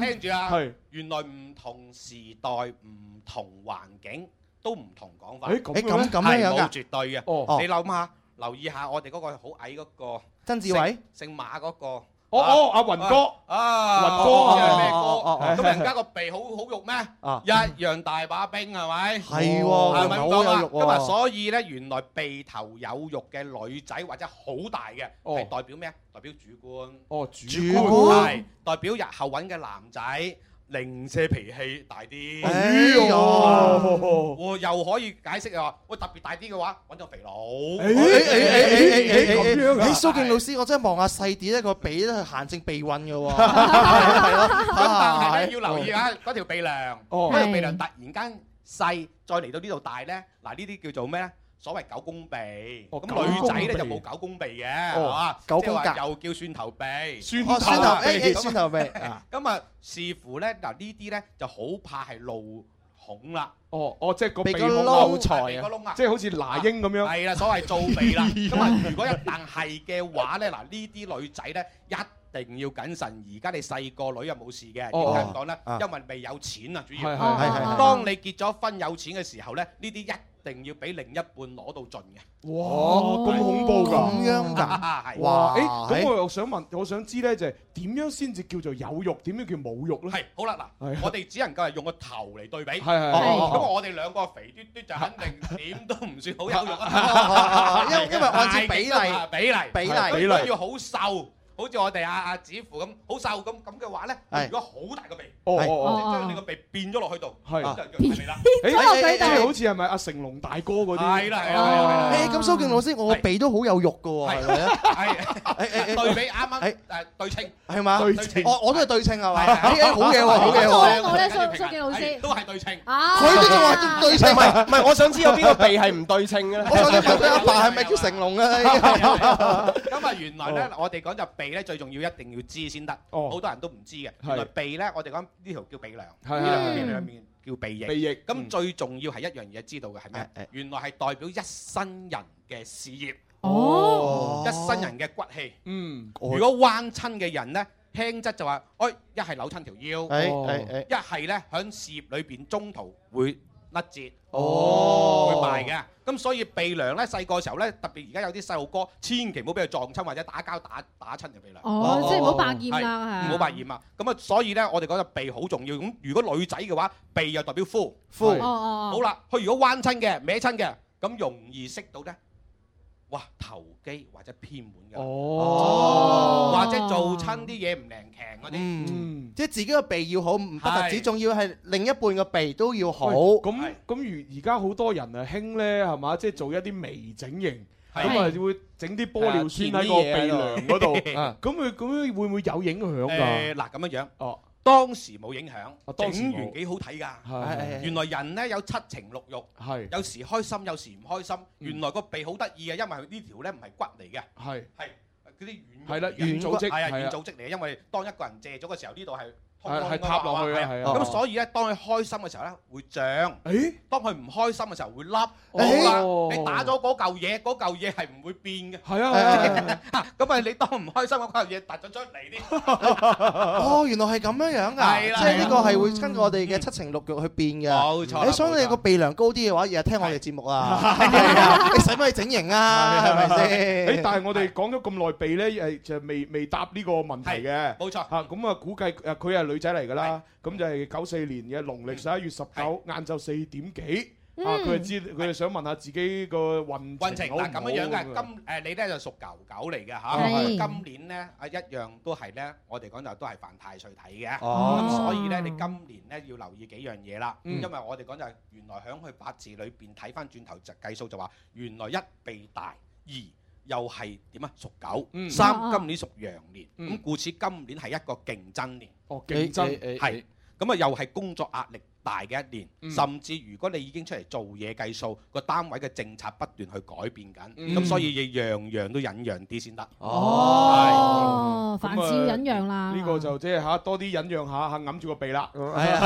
聽住啊，是原來唔同時代、唔同環境都唔同講法，誒咁咁樣、欸、樣㗎，絕對嘅。哦、你諗下，哦、留意下我哋嗰個好矮嗰、嗰個曾志偉，姓馬嗰、嗰個，哦哦，阿雲哥啊，雲哥，係咩、啊、哥？咁人家個鼻好好肉咩？啊、一樣大把兵，係咪？係喎，有肉咁啊，所以咧，原來鼻頭有肉嘅女仔或者好大嘅，係、哦、代表咩？代表主官。哦，主官係代表日後揾嘅男仔。零舍脾氣大啲，又可以解釋啊！我特別大啲嘅話，揾咗肥佬。哎蘇敬老師，我真係望下細啲呢個鼻咧，閒性鼻韻嘅喎。係咯係咯，但係要留意啊！嗰條鼻梁，嗰條鼻梁突然間細，再嚟到呢度大咧，嗱呢啲叫做咩咧？所謂狗公鼻，咁女仔咧就冇狗公鼻嘅，嚇哇？即係話又叫蒜頭鼻，蒜頭鼻，蒜頭鼻。咁啊，視乎咧嗱呢啲咧就好怕係露孔啦。哦哦，即係個鼻孔露財啊！即係好似乸英咁樣。係啦，所謂造鼻啦。咁啊，如果一旦係嘅話咧，嗱呢啲女仔咧一定要謹慎。而家你細個女又冇事嘅，點講咧？因為未有錢啊，主要。係係係。當你結咗婚有錢嘅時候咧，呢啲一定要俾另一半攞到盡嘅。哇，咁恐怖㗎！咁樣㗎，係。哇，誒，咁我又想問，我想知咧，就係點樣先至叫做有肉，點樣叫冇肉咧？係，好啦，嗱，我哋只能夠係用個頭嚟對比。係係。咁我哋兩個肥嘟嘟就肯定點都唔算好有肉，因因為按照比例，比例比例要好瘦。好似我哋阿阿子父咁好瘦咁咁嘅話咧，如果好大個鼻，哦哦哦哦，將呢個鼻變咗落去度，係變咗落去啦。誒誒誒，好似係咪阿成龍大哥嗰啲？係啦係啦係啦。誒咁蘇敬老師，我個鼻都好有肉㗎喎。係誒誒對比啱啱誒對稱係嘛？對稱。我我都係對稱啊嘛。好嘅喎好嘅喎。我咧我咧蘇蘇敬老師都係對稱。啊。佢都話對稱。唔係唔係，我想知有邊個鼻係唔對稱咧？我想問佢阿爸係咪叫成龍啊？因為，原來咧，我哋講就鼻咧最重要，一定要知先得。好多人都唔知嘅。原來鼻咧，我哋講呢條叫鼻梁，呢兩邊兩邊叫鼻翼。鼻翼咁最重要係一樣嘢，知道嘅係咩？原來係代表一身人嘅事業，一身人嘅骨氣。嗯，如果彎親嘅人咧，輕則就話，哎，一係扭親條腰，一係咧喺事業裏邊中途會。嗱折哦，會壞嘅，咁所以鼻梁咧，細個時候咧，特別而家有啲細路哥，千祈唔好俾佢撞親或者打交打打親嘅鼻梁哦，哦即係唔好百厭啦，係唔好百厭啊，咁啊的，所以咧我哋講嘅鼻好重要，咁如果女仔嘅話，鼻又代表呼呼夫是、哦，哦，好啦，佢如果彎親嘅、歪親嘅，咁容易識到咧。哇！投機或者偏門嘅，哦，或者做親啲嘢唔靈強嗰啲，嗯，即係自己個鼻要好，唔得，不特止仲要係另一半個鼻都要好。咁咁而而家好多人啊，興咧係嘛，即係做一啲微整形，咁啊會整啲玻尿酸喺個鼻梁嗰度，咁佢咁樣會唔會有影響㗎？嗱，咁樣樣，哦。當時冇影響，整完幾好睇㗎。原來人呢有七情六慾，有時開心，有時唔開心。原來個鼻好得意嘅，因為佢呢條呢唔係骨嚟嘅，係嗰啲軟組織，係啊軟組織嚟，因為當一個人借咗嘅時候，呢度係。係係塌落去嘅，係啊。咁所以咧，當佢開心嘅時候咧會漲，誒，當佢唔開心嘅時候會凹。好啦，你打咗嗰嚿嘢，嗰嚿嘢係唔會變嘅。係啊，係啊。咁啊，你當唔開心嗰嚿嘢凸咗出嚟啲。哦，原來係咁樣樣㗎。係啦，即係呢個係會跟我哋嘅七情六慾去變嘅。冇錯。你想你個鼻梁高啲嘅話，日日聽我哋節目啦。你使唔使整型啊？係咪先？誒，但係我哋講咗咁耐鼻咧，誒，就未未答呢個問題嘅。冇錯。吓，咁啊，估計誒，佢係女。女仔嚟噶啦，咁就係九四年嘅農曆十一月十九晏晝四點幾啊。佢係知，佢係想問下自己個運程好咁樣樣嘅。今誒你咧就屬狗狗嚟嘅嚇，今年咧啊一樣都係咧，我哋講就都係犯太歲睇嘅，咁所以咧你今年咧要留意幾樣嘢啦。因為我哋講就係原來喺佢八字裏邊睇，翻轉頭就計數就話，原來一倍大二。又係點啊？屬狗，嗯、三今年屬羊年，咁、嗯、故此今年係一個競爭年，競、哦、爭係咁啊！又係工作壓力。大嘅一年，甚至如果你已經出嚟做嘢計數，個單位嘅政策不斷去改變緊，咁所以亦樣樣都忍讓啲先得。哦，凡事要忍讓啦。呢個就即係嚇多啲忍讓下，揞住個鼻啦。係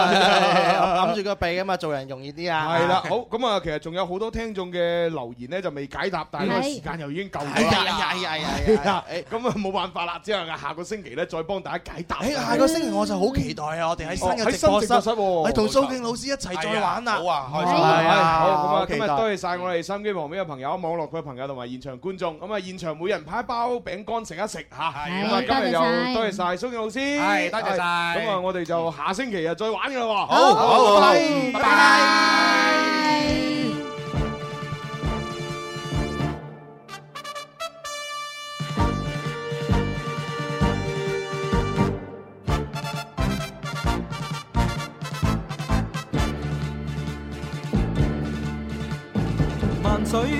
揞住個鼻啊嘛，做人容易啲啊。係啦，好咁啊，其實仲有好多聽眾嘅留言咧，就未解答，但係時間又已經夠啦。咁啊冇辦法啦，只能下個星期咧再幫大家解答。下個星期我就好期待啊！我哋喺新嘅直播室喎，喺蘇敬老師一齊再玩啦！好啊，係啊，好咁啊，今日多謝晒我哋收音機旁邊嘅朋友、網絡嘅朋友同埋現場觀眾。咁啊，現場每人派一包餅乾食一食吓。咁啊，今日又多謝晒蘇敬老師，係多謝晒。咁啊，我哋就下星期日再玩噶咯。好好，拜拜。